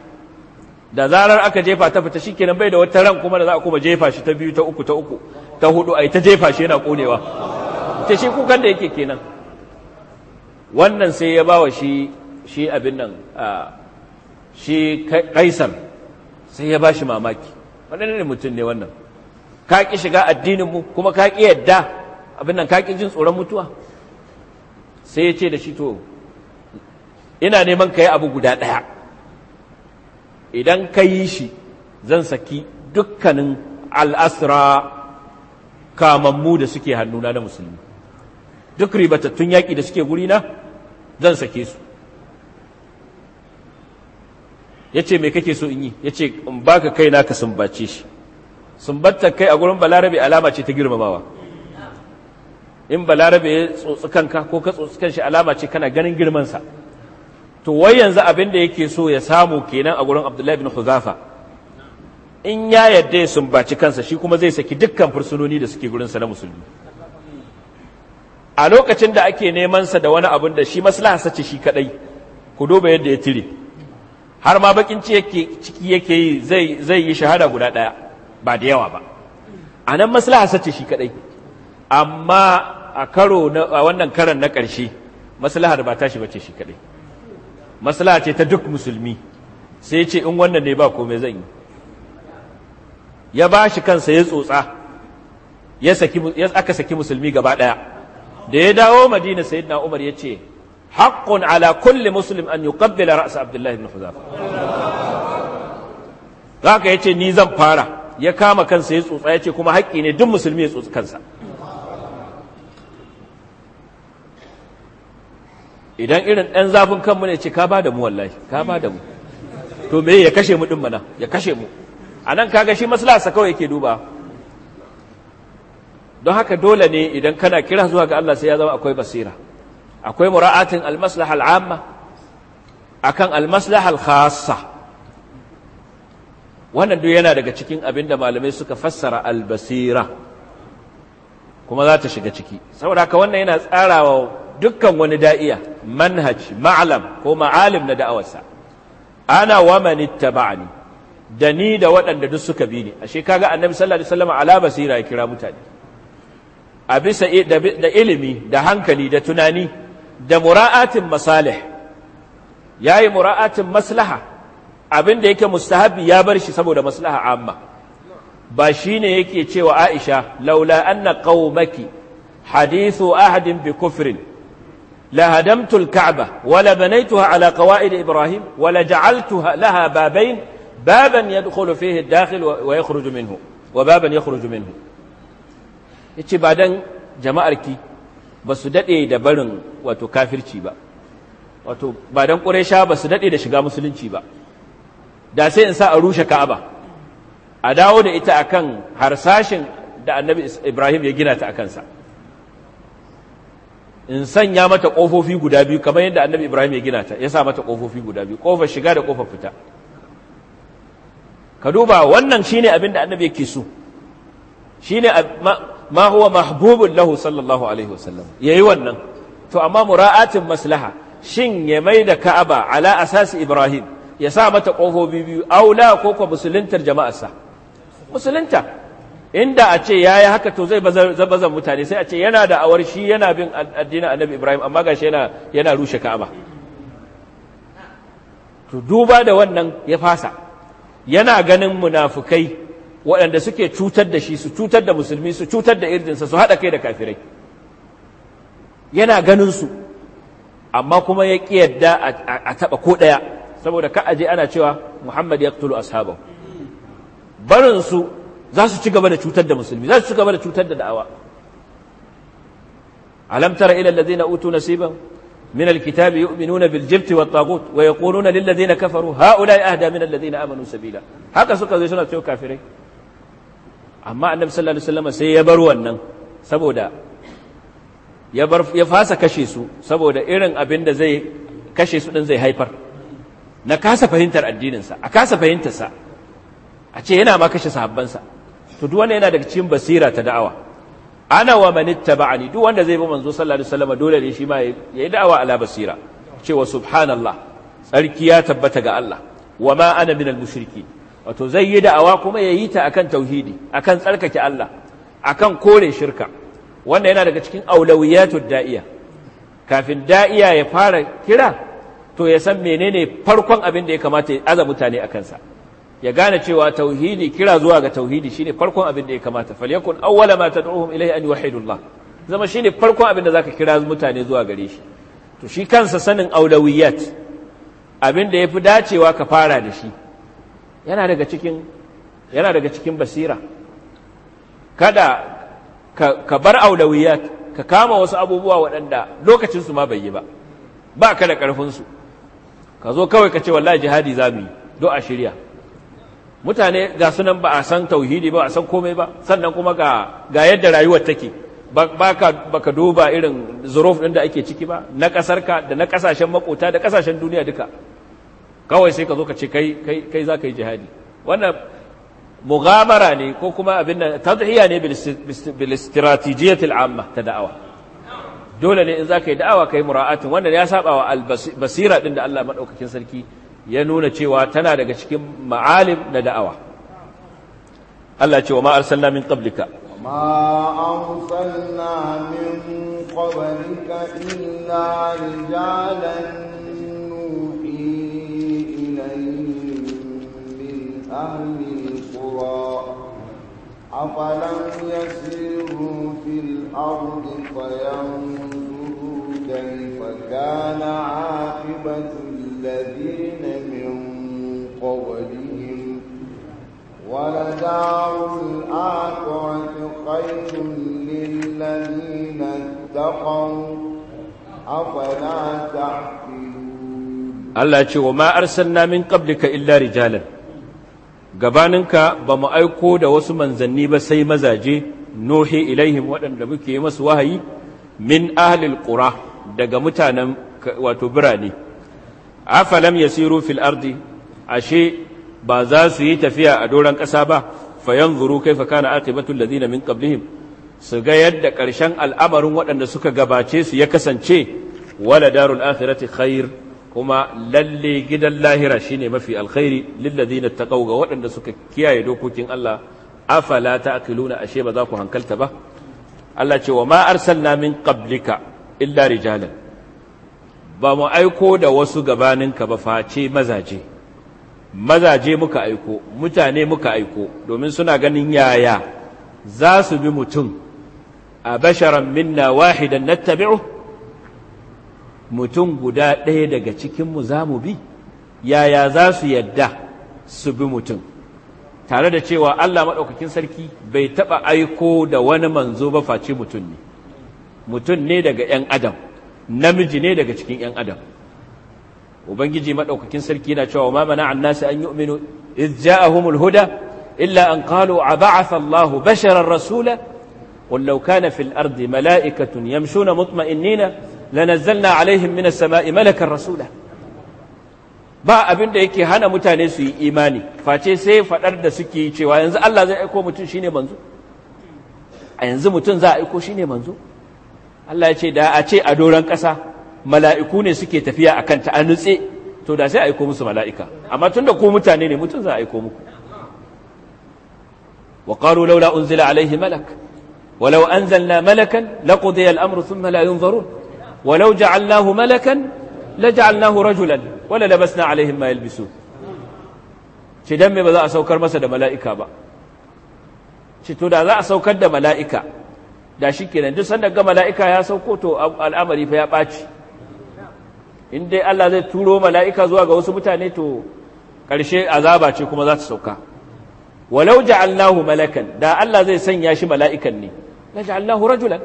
da zarar aka jefa ta fita shikenan bai da wata ran kuma da za a kuma jefa shi ta biyu ta uku ta uku ta hudu a ta jefa shi yana konewa ta shi kukan da yake kenan wannan sai ya bawa shi shi abin nan shi kaisar sai ya ba shi mamaki waɗanda ne mutum ne wannan ka ki shiga addinin mu kuma ka ki yadda abin nan ka ki jin tsoron mutuwa sai ya ce da shi to ina neman ka yi abu guda ɗaya idan ka yi shi zan saki dukkanin al'asra kamammu da suke hannuna na musulmi duk ribatattun yaƙi da suke gurina zan sake su ya ce mai kake so in yi ya ce in baka kaina ka sumbace shi sumbatta kai a gurin balarabe alama ce ta girmamawa in balarabe ya tsotsi kanka ko ka tsotsi kanshi alama ce kana ganin girmansa to wai yanzu abin da yake so ya samu kenan a gurin abdullahi bin huzafa in ya yadda ya sumbaci kansa shi kuma zai saki dukkan fursunoni da suke gurinsa na musulmi a lokacin da ake neman sa da wani abin da shi maslaha ce shi kadai ku duba yadda ya tire har ma bakin ciki yake yi zai yi shahada guda daya ba da yawa ba a nan maslaha sace shi kadai amma a karo a wannan karan na ƙarshe maslahar ba tashi bace shi kadai maslaha ce ta duk musulmi sai ce in wannan ne ba komai zan yi ya ba shi kansa ya tsotsa ya saki ya aka saki musulmi gaba ɗaya da ya dawo madina sayyidina umar ya ce haƙƙun ala kulli muslim an yuqabbila ra's abdullahi ibn huzafa zaka yace ni zan fara ya kama kansa ya tsotsa ya ce kuma haƙƙi ne duk musulmi ya tsotsi kansa idan irin ɗan zafin kanmu ne ce ka ba da mu wallahi ka ba da mu to me ya kashe mu ɗin mana ya kashe mu a nan kaga shi maslahasa kawai yake duba don haka dole ne idan kana kira zuwa ga Allah sai ya zama akwai basira akwai mura'atin almaslaha al'amma akan almaslaha al-khassa wannan duk yana daga cikin abin da malamai suka fassara albasira kuma za ta shiga ciki saboda haka wannan yana tsarawa dukkan wani da'iya manhaj ma'alam ko ma'alim na da'awarsa ana wa man ittaba'ani da ni da waɗanda duk suka bi ni ashe kaga annabi sallallahu alaihi wasallam ala basira ya kira mutane a bisa da ilimi da hankali da tunani da mura'atin masalih yayi mura'atin maslaha abin da yake mustahabi ya bar shi saboda maslaha amma ba shine yake cewa Aisha laula anna qaumaki hadithu ahadin bi kufrin la hadamtu al-ka'ba wa la banaytuha ala qawaid ibrahim wa la ja'altuha laha babayn baban yadkhulu fihi ad-dakhil wa yakhruju minhu wa baban yakhruju minhu yace ba dan jama'arki ba su dade da barin wato kafirci ba wato ba dan quraisha ba su dade da shiga musulunci ba da sai in sa a rushe ka'aba a dawo da ita akan harsashin da annabi ibrahim ya gina ta a kansa in sanya mata ƙofofi guda biyu kamar yadda annabi ibrahim ya gina ta ya sa mata ƙofofi guda biyu ƙofar shiga da ƙofar fita ka duba wannan shine abin da annabi yake so shine ma huwa mahbubun lahu sallallahu alaihi wasallam yayi wannan to amma mura'atin maslaha shin ya mai da ka'aba ala asasi ibrahim ya sa mata ƙofofi biyu aula ko ko musuluntar jama'arsa musulunta inda a ce yayi haka to zai bazan mutane sai a ce yana da awar shi yana bin addinin annabi ibrahim amma gashi yana yana rushe ka'aba to duba da wannan ya fasa yana ganin munafukai waɗanda suke cutar da shi su cutar da musulmi su cutar da irjinsa su haɗa kai da kafirai yana ganin su amma kuma ya ƙi yadda a taɓa ko ɗaya saboda ka aje ana cewa Muhammad ya ƙtulu ashabau barinsu za su ci gaba da cutar da musulmi za su ci gaba da cutar da da'awa alamtar ilal ladzina utu nasiban min alkitabi yu'minuna bil jibt wat tagut wa yaquluna lil ladzina kafaru haula ahda min alladzina amanu sabila haka suka zo suna cewa kafirai amma annabi sallallahu alaihi wasallam sai ya bar wannan saboda ya fasa kashe su saboda irin abin da zai kashe su ɗin zai haifar na kasa fahimtar addininsa a kasa fahimtarsa a ce yana ma kashe sahabbansa to duk yana daga cikin basira ta da'awa ana wa man ittaba'ani duk wanda zai bi manzo sallallahu alaihi wasallam dole ne shi ma yayi da'awa ala basira cewa subhanallah tsarki ya tabbata ga Allah wa ma ana min al-mushriki wato zai yi da'awa kuma yayi ta akan tauhidi akan tsarkake Allah akan kore shirka wanda yana daga cikin aulawiyatud da'iya kafin da'iya ya fara kira to ya san menene farkon abin da ya kamata ya aza mutane a kansa ya gane cewa tauhidi kira zuwa ga tauhidi shine farkon abin da ya kamata falyakun awwala ma tad'uhum ilayhi an yuhidullah zama shine farkon abin da zaka kira mutane zuwa gare shi to shi kansa sanin aulawiyat abin da yafi dacewa ka fara da shi yana daga cikin yana daga cikin basira kada ka, ka bar aulawiyat ka kama wasu abubuwa waɗanda lokacinsu ma bai yi ba ba ka da ƙarfinsu ka zo kawai ka ce wallahi jihadi za mu yi do a shirya mutane ga sunan ba a san tauhidi ba a san komai ba sannan kuma ga ga yadda rayuwar take baka baka duba irin zuruf din da ake ciki ba na ka da na kasashen makota da kasashen duniya duka kawai sai ka zo ka ce kai kai kai za ka yi jihadi wannan mugamara ne ko kuma abin nan tadhiya ne bil istiratijiyatil amma ta da'awa dole ne in za ka yi da'awa ka yi mura'atin wannan ya saba wa basira ɗin da Allah maɗaukakin sarki ya nuna cewa tana daga cikin ma'alim na da'awa Allah ce wa ma arsalna min qablika ma arsalna min qablika illa rijalan nuhi ilayhim min ahli أفلم يسيروا في الأرض فينظروا كيف كان عاقبة الذين من قبلهم ولدار الآخرة خير للذين اتقوا أفلا تعقلون الله يقول ما أرسلنا من قبلك إلا رجالا gabaninka ba mu aiko da wasu manzanni ba sai mazaje nohe ilaihim waɗanda muke masu wahayi min ahlil qura daga mutanen wato birane afalam ya fil filardi ashe ba za su yi tafiya a doron ƙasa ba kai kaifa kana aqibatul ladina min qablihim su ga yadda ƙarshen al'amarin waɗanda suka gabace su ya kasance wala darul akhirati khair kuma lalle gidan lahira shine mafi alkhairi na ta ga waɗanda suka kiyaye dokokin Allah afala akiluna ashe ba za ku hankalta ba Allah ce wa ma arsalna min qablika illa rijalan ba mu aiko da wasu gabaninka ba face mazaje mazaje muka aiko mutane muka aiko domin suna ganin yaya za su bi mutum a basharan minna wahidan nattabi'u mutum guda ɗaya daga cikinmu za mu bi yaya za su yadda su bi mutum tare da cewa Allah maɗaukakin sarki bai taɓa aiko da wani manzo ba face mutum ne mutum ne daga 'yan adam namiji ne daga cikin 'yan adam ubangiji maɗaukakin sarki yana cewa ma mana an nasu an yu'minu iz huda illa an qalu ab'atha Allahu basharar rasula qul kana fil ardi mala'ikatun yamshuna mutma'innina lanazzalna alaihim min as-sama'i malakan rasula ba abin da yake hana mutane su yi imani face sai fadar da suke cewa yanzu Allah zai aiko mutum shine manzo a yanzu mutum za a aiko shine manzo Allah ya ce da a ce a doran kasa mala'iku ne suke tafiya akan ta an nutse to da sai a aiko musu mala'ika amma tunda ku mutane ne mutum za a aiko muku wa qalu laula unzila alaihi malak ولو أنزلنا ملكا لقضي الأمر ثم لا ينظرون ولو جعلناه ملكا لجعلناه رجلا ولا لبسنا عليهم ما يلبسون ce don me ba za a saukar masa da mala'ika ba ce to da za a saukar da mala'ika da shi kenan duk sanda ga mala'ika ya sauko to al'amari fa ya ɓaci in dai Allah zai turo mala'ika zuwa ga wasu mutane to ƙarshe azaba ce kuma za ta sauka walau ja'allahu malakan da Allah zai sanya shi mala'ikan ne la ja'allahu rajulan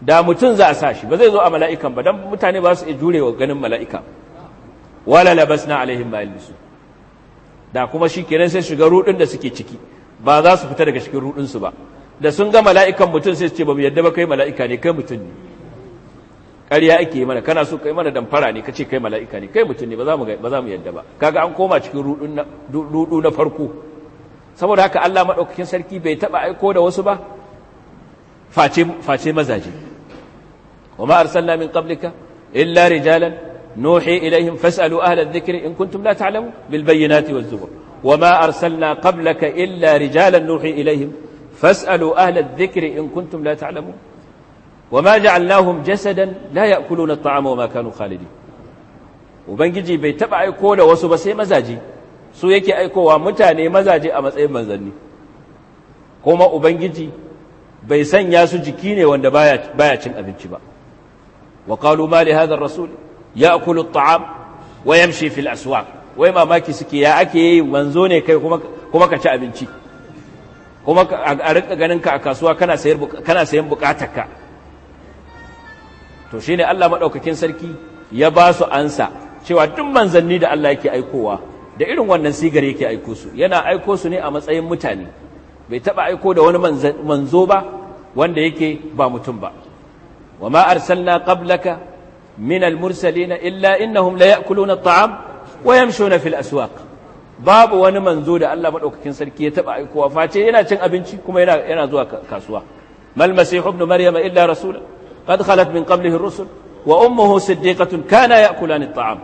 da mutum za a sa shi ba zai zo a mala'ikan ba don mutane ba su iya jurewa ganin mala'ika wala labasna alaihim ba yalbisu da kuma shi kenan sai shiga rudin da suke ciki ba za su fita daga cikin rudin su ba da sun ga mala'ikan mutum sai su ce ba mu yadda ba kai mala'ika ne kai mutum ne ƙarya ake mana kana so kai mana damfara ne kace kai mala'ika ne kai mutum ne ba za mu ba za mu yadda ba kaga an koma cikin rudin na rudu na farko saboda haka Allah madaukakin sarki bai taba aiko da wasu ba face face mazaje wa ma arsalna min qablika illa rijalan nuhi ilaihim fasalu ahla adh-dhikri in kuntum la ta'lamun bil bayyinati waz zubur wa ma illa rijalan nuhi ilaihim fasalu ahla adh-dhikri in kuntum la wa ma ja'alnahum jasadan la ya'kuluna at-ta'ama wa ma kanu khalidin ubangiji bai taba aiko da wasu ba sai mazaje su yake aikowa mutane mazaje a matsayin manzanni kuma ubangiji bai sanya su jiki ne wanda baya cin abinci ba وقالوا ما لهذا الرسول يأكل الطعام ويمشي في الأسواق wai mamaki suke ya ake yi manzo ne kai kuma ka ci abinci kuma a rinka ganin ka a kasuwa kana sayan bukatarka to shine Allah maɗaukakin sarki ya basu ansa cewa duk manzanni da Allah yake aikowa da irin wannan sigar yake aiko su yana aiko su ne a matsayin mutane bai taɓa aiko da wani manzo ba wanda yake ba mutum ba wa ma arsalna qablaka min al-mursalin illa innahum la ya'kuluna na taam wa yamshuna fil aswaq babu wani manzo da Allah madaukakin sarki ya taba aikowa face yana cin abinci kuma yana zuwa kasuwa mal masih ibn maryam illa rasul qad khalat min qablihi ar-rusul wa ummuhu siddiqatun kana ya'kulani at-ta'am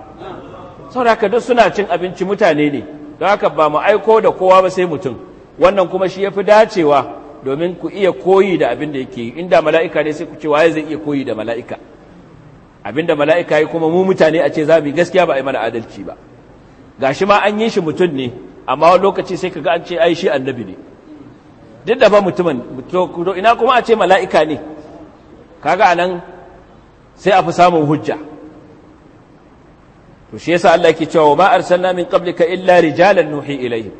saboda duk suna cin abinci mutane ne don haka ba mu aiko da kowa ba sai mutum wannan kuma shi yafi dacewa domin ku iya koyi da abin da yake yi inda mala'ika ne sai ku ce waye zai iya koyi da mala'ika abin da mala'ika yi kuma mu mutane a ce za mu yi gaskiya ba a yi mana adalci ba Ga shi ma an yi shi mutum ne amma wani lokaci sai kaga an ce ai shi annabi ne duk da ba mutumin to ina kuma a ce mala'ika ne kaga anan sai a fi samun hujja to shi yasa Allah ke cewa ma arsalna min qablika illa rijalan nuhi ilaihim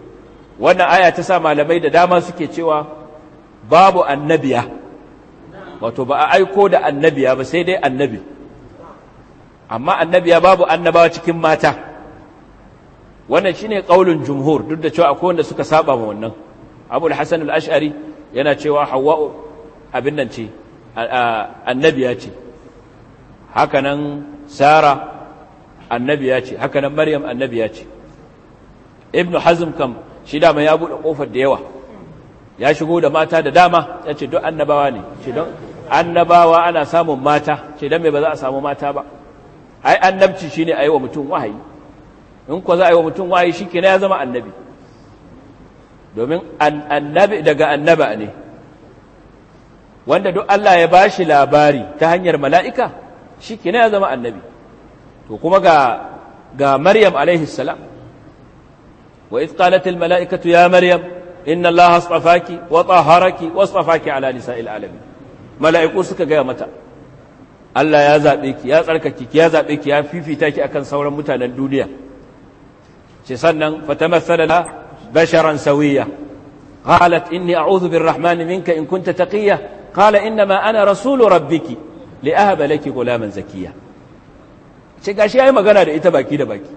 wannan aya ta sa malamai da dama suke cewa babu annabiya wato ba a aiko da annabiya ba sai dai annabi amma annabiya babu annabawa cikin mata wannan shine kaulin jumhur duk da cewa akwai wanda suka saba ma wannan abul hasan al-ash'ari yana cewa hawwa abin nan ce annabiya ce haka nan sara annabiya ce haka nan maryam annabiya ce ibnu hazm kam shi da ya bude kofar da yawa ya shigo da mata da dama ya ce duk annabawa ne ce don annabawa ana samun mata ce don me ba za a samu mata ba ai annabci shine yi wa mutum wahayi in ko za a yi wa mutum wahayi shi shikenan ya zama annabi domin annabi daga annaba ne wanda duk Allah ya bashi labari ta hanyar mala'ika Shi shikenan ya zama annabi to kuma ga ga Maryam alaihi salam wa idh qalat al mala'ikatu ya Maryam inna allaha astafaki wa taharaki wa astafaki ala nisa'il alamin mala'iku suka gaya mata Allah ya zabe ki ya tsarkake ki ya zabe ki ya fifita ki akan sauran mutanen duniya ce sannan fatamathala la basharan sawiya qalat inni a'udhu birrahman minka in kunta taqiyya qala ma ana rasulu rabbiki li ahaba laki gulaman zakiya ce gashi yayi magana da ita baki da baki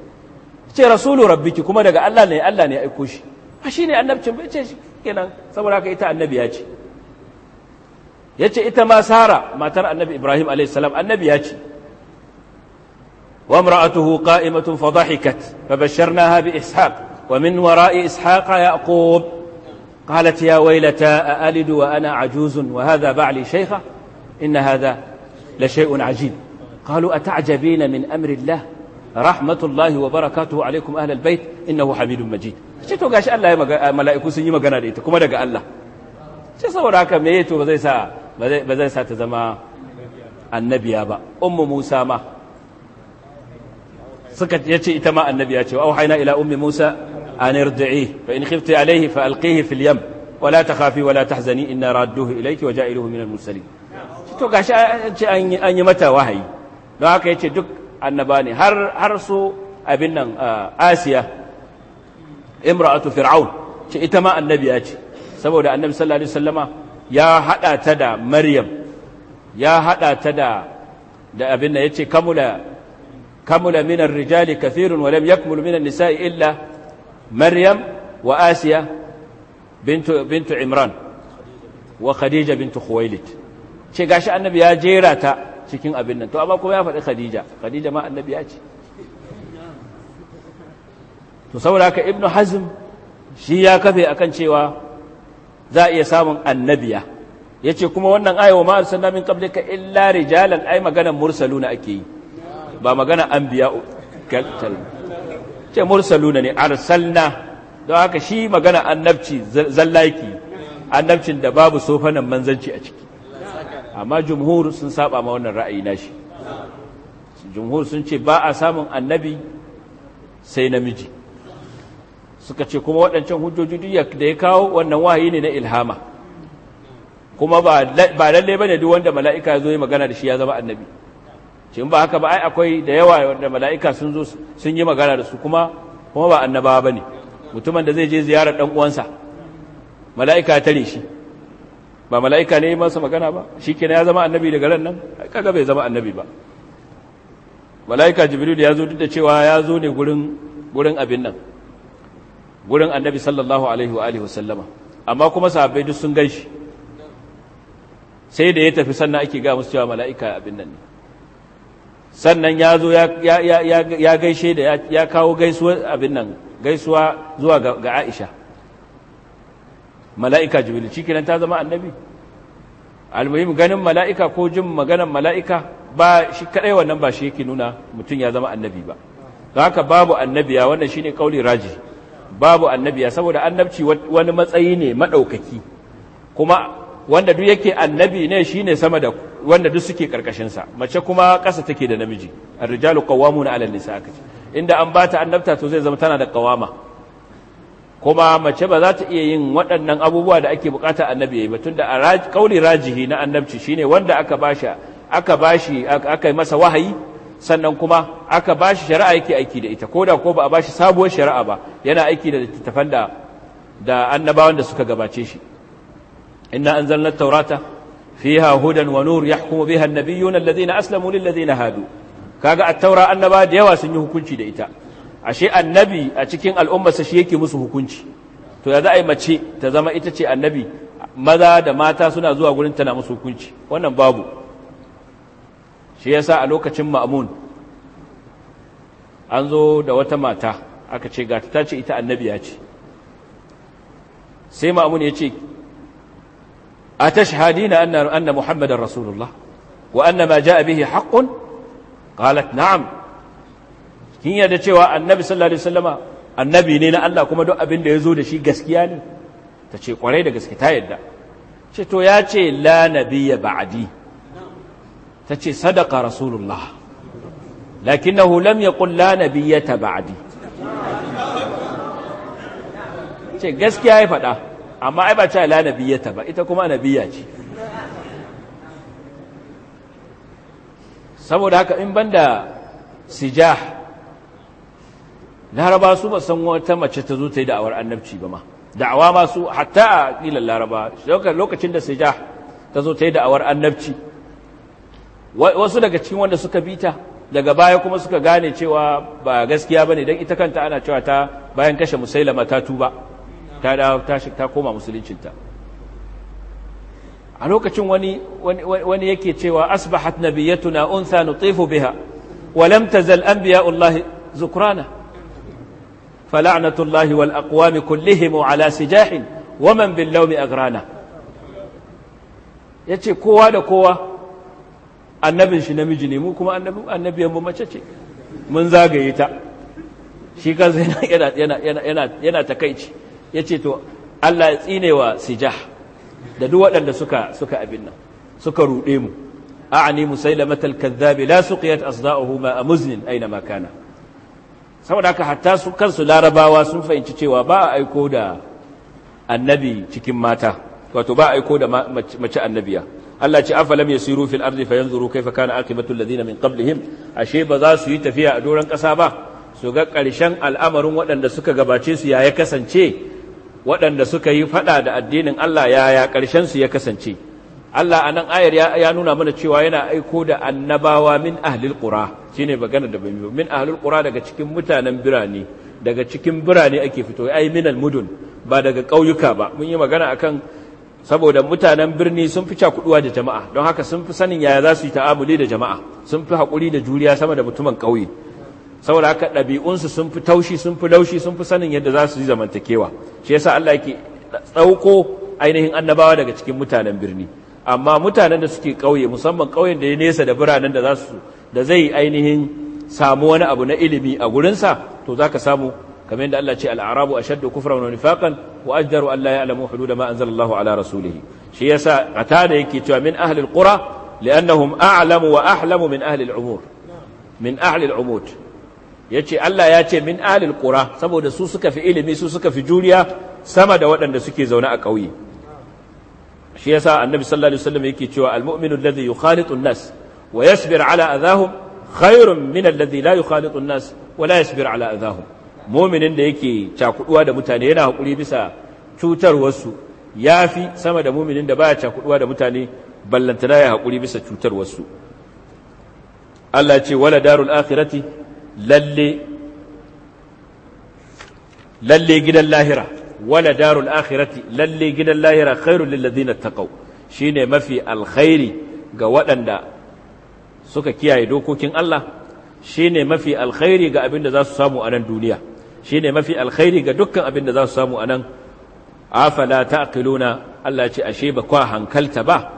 ce rasulu rabbiki kuma daga Allah ne Allah ne ya aiko shi ba annabcin ba ce kenan saboda haka ita annabiya ce ya ce ita ma sara matar annabi ibrahim annabi ya ce وامرأته قائمة فضحكت فبشرناها بإسحاق ومن وراء إسحاق يعقوب قالت يا ويلتى أألد وأنا عجوز وهذا بعلي شيخة إن هذا لشيء عجيب قالوا أتعجبين من أمر الله rahmatullahi wa barakatuhu alaikum ahlal bait innahu hamidun majid ce to gashi Allah ya eh, mala'iku sun yi magana da ita kuma daga Allah ce saboda haka me to ba zai sa ta zama annabiya ba ummu Musa ma suka yace ita ma annabiya ce au haina ila ummi Musa an irdi'i fa in khifti alayhi fa alqihi fil yam ولا تخافي ولا تحزني إن رادوه إليك من المرسلين to gashi an ce an yi mata wahayi don haka yace duk annaba ne har su abin nan asiya imra'atu fir'aun ce ita ma annabiya ce saboda annabi sallallahu alaihi wasallama ya hada ta da maryam ya hada ta da da abin nan yace kamula kamula min ar-rijali kathirun wa lam yakmul min an-nisa'i illa maryam wa asiya bintu bintu imran wa khadija bintu khuwailid ce gashi annabi ya jera ta cikin abin nan to amma kuma ya faɗi khadija khadija ma annabi ya ce to saboda ka ibnu hazm shi ya kafe akan cewa za a iya samun annabiya ya ce kuma wannan ayawa ma namin min ka illa rijalan ai maganar mursaluna ake yi ba magana anbiya kaltal ce mursaluna ne arsalna don haka shi magana annabci zallaki annabcin da babu sofanan manzanci a ciki amma jumhur sun saba ma wannan ra'ayi nashi jumhur sun ce ba a samun annabi sai namiji suka ce kuma waɗancan hujjoji duk da ya kawo wannan wahayi ne na ilhama kuma ba lalle bane duk wanda mala'ika ya zo yi magana da shi ya zama annabi ce ba haka ba ai akwai da yawa wanda mala'ika sun zo sun yi magana da su kuma kuma ba annabawa bane mutumin da zai je ziyarar dan uwansa mala'ika ya tare shi ba mala'ika ne masa magana ba shi kina ya zama annabi daga ran nan kaga bai zama annabi ba mala'ika jibril ya zo duk da cewa ya zo ne gurin gurin abin nan gurin annabi sallallahu alaihi wa alihi wasallama amma kuma sahabbai duk sun gan shi sai da ya tafi sannan ake ga musu cewa mala'ika abin nan ne sannan ya zo ya gaishe da ya kawo gaisuwa abin nan gaisuwa zuwa ga Aisha mala'ika jibril shikenan ta zama annabi almuhim ganin mala'ika ko jin maganar mala'ika ba shi kadai wannan ba shi yake nuna mutum ya zama annabi ba don haka babu annabiya wannan ne kauli raji babu annabiya saboda annabci wani matsayi ne madaukaki kuma wanda duk yake annabi ne shine sama da wanda duk suke karkashin sa mace kuma ƙasa take da namiji a rijalu na 'ala an-nisa inda an bata annabta to zai zama tana da ƙawama. kuma mace ba za ta iya yin waɗannan abubuwa da ake bukata annabi yayi ba tunda a kauli rajihi na annabci shine wanda aka bashi aka bashi aka yi masa wahayi sannan kuma aka bashi shari'a yake aiki da ita koda ko ba a bashi sabuwar shari'a ba yana aiki da littattafan da da annabawan da suka gabace shi inna anzalna at-taurata fiha hudan wa nur yahkumu biha an-nabiyyuna alladhina aslamu lil ladina hadu kaga at-taura annaba da yawa sun yi hukunci da ita ashe annabi a cikin al'ummarsa shi yake musu hukunci to da za a yi mace ta zama ita ce annabi maza da mata suna zuwa gurin tana musu hukunci wannan babu shi yasa a lokacin ma'amun an zo da wata mata aka ce gata ta ce ita ya ce sai ma'amun ya ce a tashhadina anna anna muhammadar rasulullah wa anna ja'a bihi haqqun qalat na'am kin yarda cewa annabi sallallahu alaihi wasallama annabi ne na Allah kuma duk abin da yazo da shi gaskiya ne ta ce kwarai da gaske ta yarda ce to ya ce la nabiyya ba'di ta ce sadaqa rasulullah lakinnahu lam yaqul la nabiyyata ba'di ce gaskiya ya faɗa amma ai ba ce la nabiyyata ba ita kuma nabiyya ce saboda haka in banda sijah laraba su ba san wata mace ta zo ta yi da'awar annabci ba ma da'awa ma su hatta a ƙilan laraba lokacin da sija ta zo ta yi da'awar annabci wasu daga cikin wanda suka bita daga baya kuma suka gane cewa ba gaskiya ba ne don ita kanta ana cewa ta bayan kashe musailama ta tuba ta ta koma musuluncinta a lokacin wani wani yake cewa asbahat nabiyatuna unsa nutifu biha wa lam tazal anbiya'ullahi zukrana فلعنة الله والأقوام كلهم على سجاح ومن باللوم أغرانا yace kowa da kowa annabin shi namiji ne mu kuma annabiyan mu mace ce mun zagaye ta shi kansa yana yana yana yana yana takeici yace to Allah ya tsinewa sijah da duk waɗanda suka suka abin nan suka rude mu a'ani musailamatal kadhabi la suqiyat asda'uhu ma amuznin aina makana. kana saboda haka hatta su kansu larabawa sun fahimci cewa ba a aiko da annabi cikin mata wato ba a aiko da mace annabiya Allah ce afalam yasiru fil ardi fayanzuru kaifa kana aqibatu alladhina min qablihim ashe ba za su yi tafiya a doran kasa ba su ga karshen al'amarin waɗanda suka gabace su ya kasance waɗanda suka yi fada da addinin Allah ya ya karshen su ya kasance Allah anan ayar ya nuna mana cewa yana aiko da annabawa min ahlil qura shine magana da bai yi min ahlul qura daga cikin mutanen birane daga cikin birane ake fito ai minal mudun ba daga ƙauyuka ba mun yi magana akan saboda mutanen birni sun fi cakuduwa da jama'a don haka sun fi sanin yaya za su yi ta'amuli da jama'a sun fi haƙuri da juriya sama da mutumin ƙauye saboda haka ɗabi'unsu sun fi taushi sun fi laushi sun fi sanin yadda za su yi zamantakewa shi yasa Allah yake tsauko ainihin annabawa daga cikin mutanen birni amma mutanen da suke ƙauye musamman ƙauyen da ya nesa da biranen da za su da zai ainihin samu wani abu na ilimi a gurinsa to za ka samu kamar yadda Allah ce al'arabu a shaddu kufran wa nifaqan wa ajdaru an la ya'lamu hudud ma anzalallahu ala rasulih shi yasa qatada yake cewa min ahli alqura li'annahum a'lamu wa ahlamu min ahli al'umur min ahli al'umud yace Allah ya ce min ahli alqura saboda su suka fi ilimi su suka fi juriya sama da waɗanda suke zaune a ƙauye shi yasa annabi sallallahu alaihi wasallam yake cewa almuminu muminu alladhi yukhalitu an-nas wa yasbir ala adahum khairun min alladhi la nas wa la yasbir mu'minin da yake cakuduwa da mutane yana hakuri bisa cutar wasu fi sama da mu'minin da baya cakuduwa da mutane ballantana ya hakuri bisa cutar wasu Allah ce wala darul akhirati lalle lalle gidan lahira wala darul akhirati lalle gidan lahira khairul lil ladina taqaw shine mafi alkhairi ga waɗanda suka kiyaye dokokin Allah ne mafi alkhairi ga abin da za su samu a nan duniya ne mafi alkhairi ga dukkan abin da za su samu a nan afala taqiluna Allah ce ashe ba kwa hankalta ba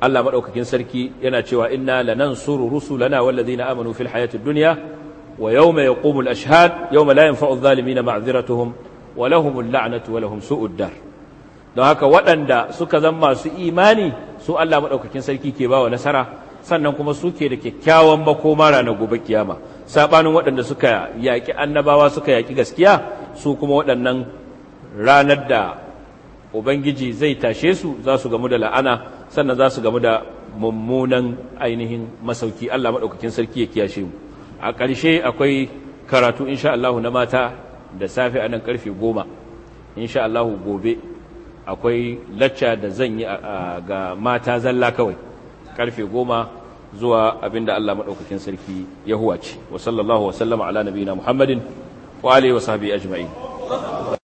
Allah madaukakin sarki yana cewa inna lanansuru rusulana na amanu fil hayatid dunya wa yawma yaqumu al ashhad yawma la yanfa'u adh-dhalimin ma'dhiratuhum wa lahum al-la'natu wa lahum su'ud dar don haka waɗanda suka zama masu imani su Allah madaukakin sarki ke bawa nasara sannan kuma suke da kyakkyawan makoma ranar gobe kiyama sabanin waɗanda suka yaƙi annabawa suka yaƙi gaskiya su kuma waɗannan ranar da ubangiji zai tashe su za su gamu da la'ana sannan za su gamu da mummunan ainihin masauki Allah maɗaukakin sarki ya kiyashe mu a ƙarshe akwai karatu insha allahu na mata da safe a nan ƙarfe goma insha allahu gobe akwai lacca da zan yi ga mata zalla kawai karfe goma zuwa abinda Allah maɗaukakin sarki ya huwace wa sallallahu wa sallama ala nabiyina muhammadin wa alihi wa sahbihi ajma'in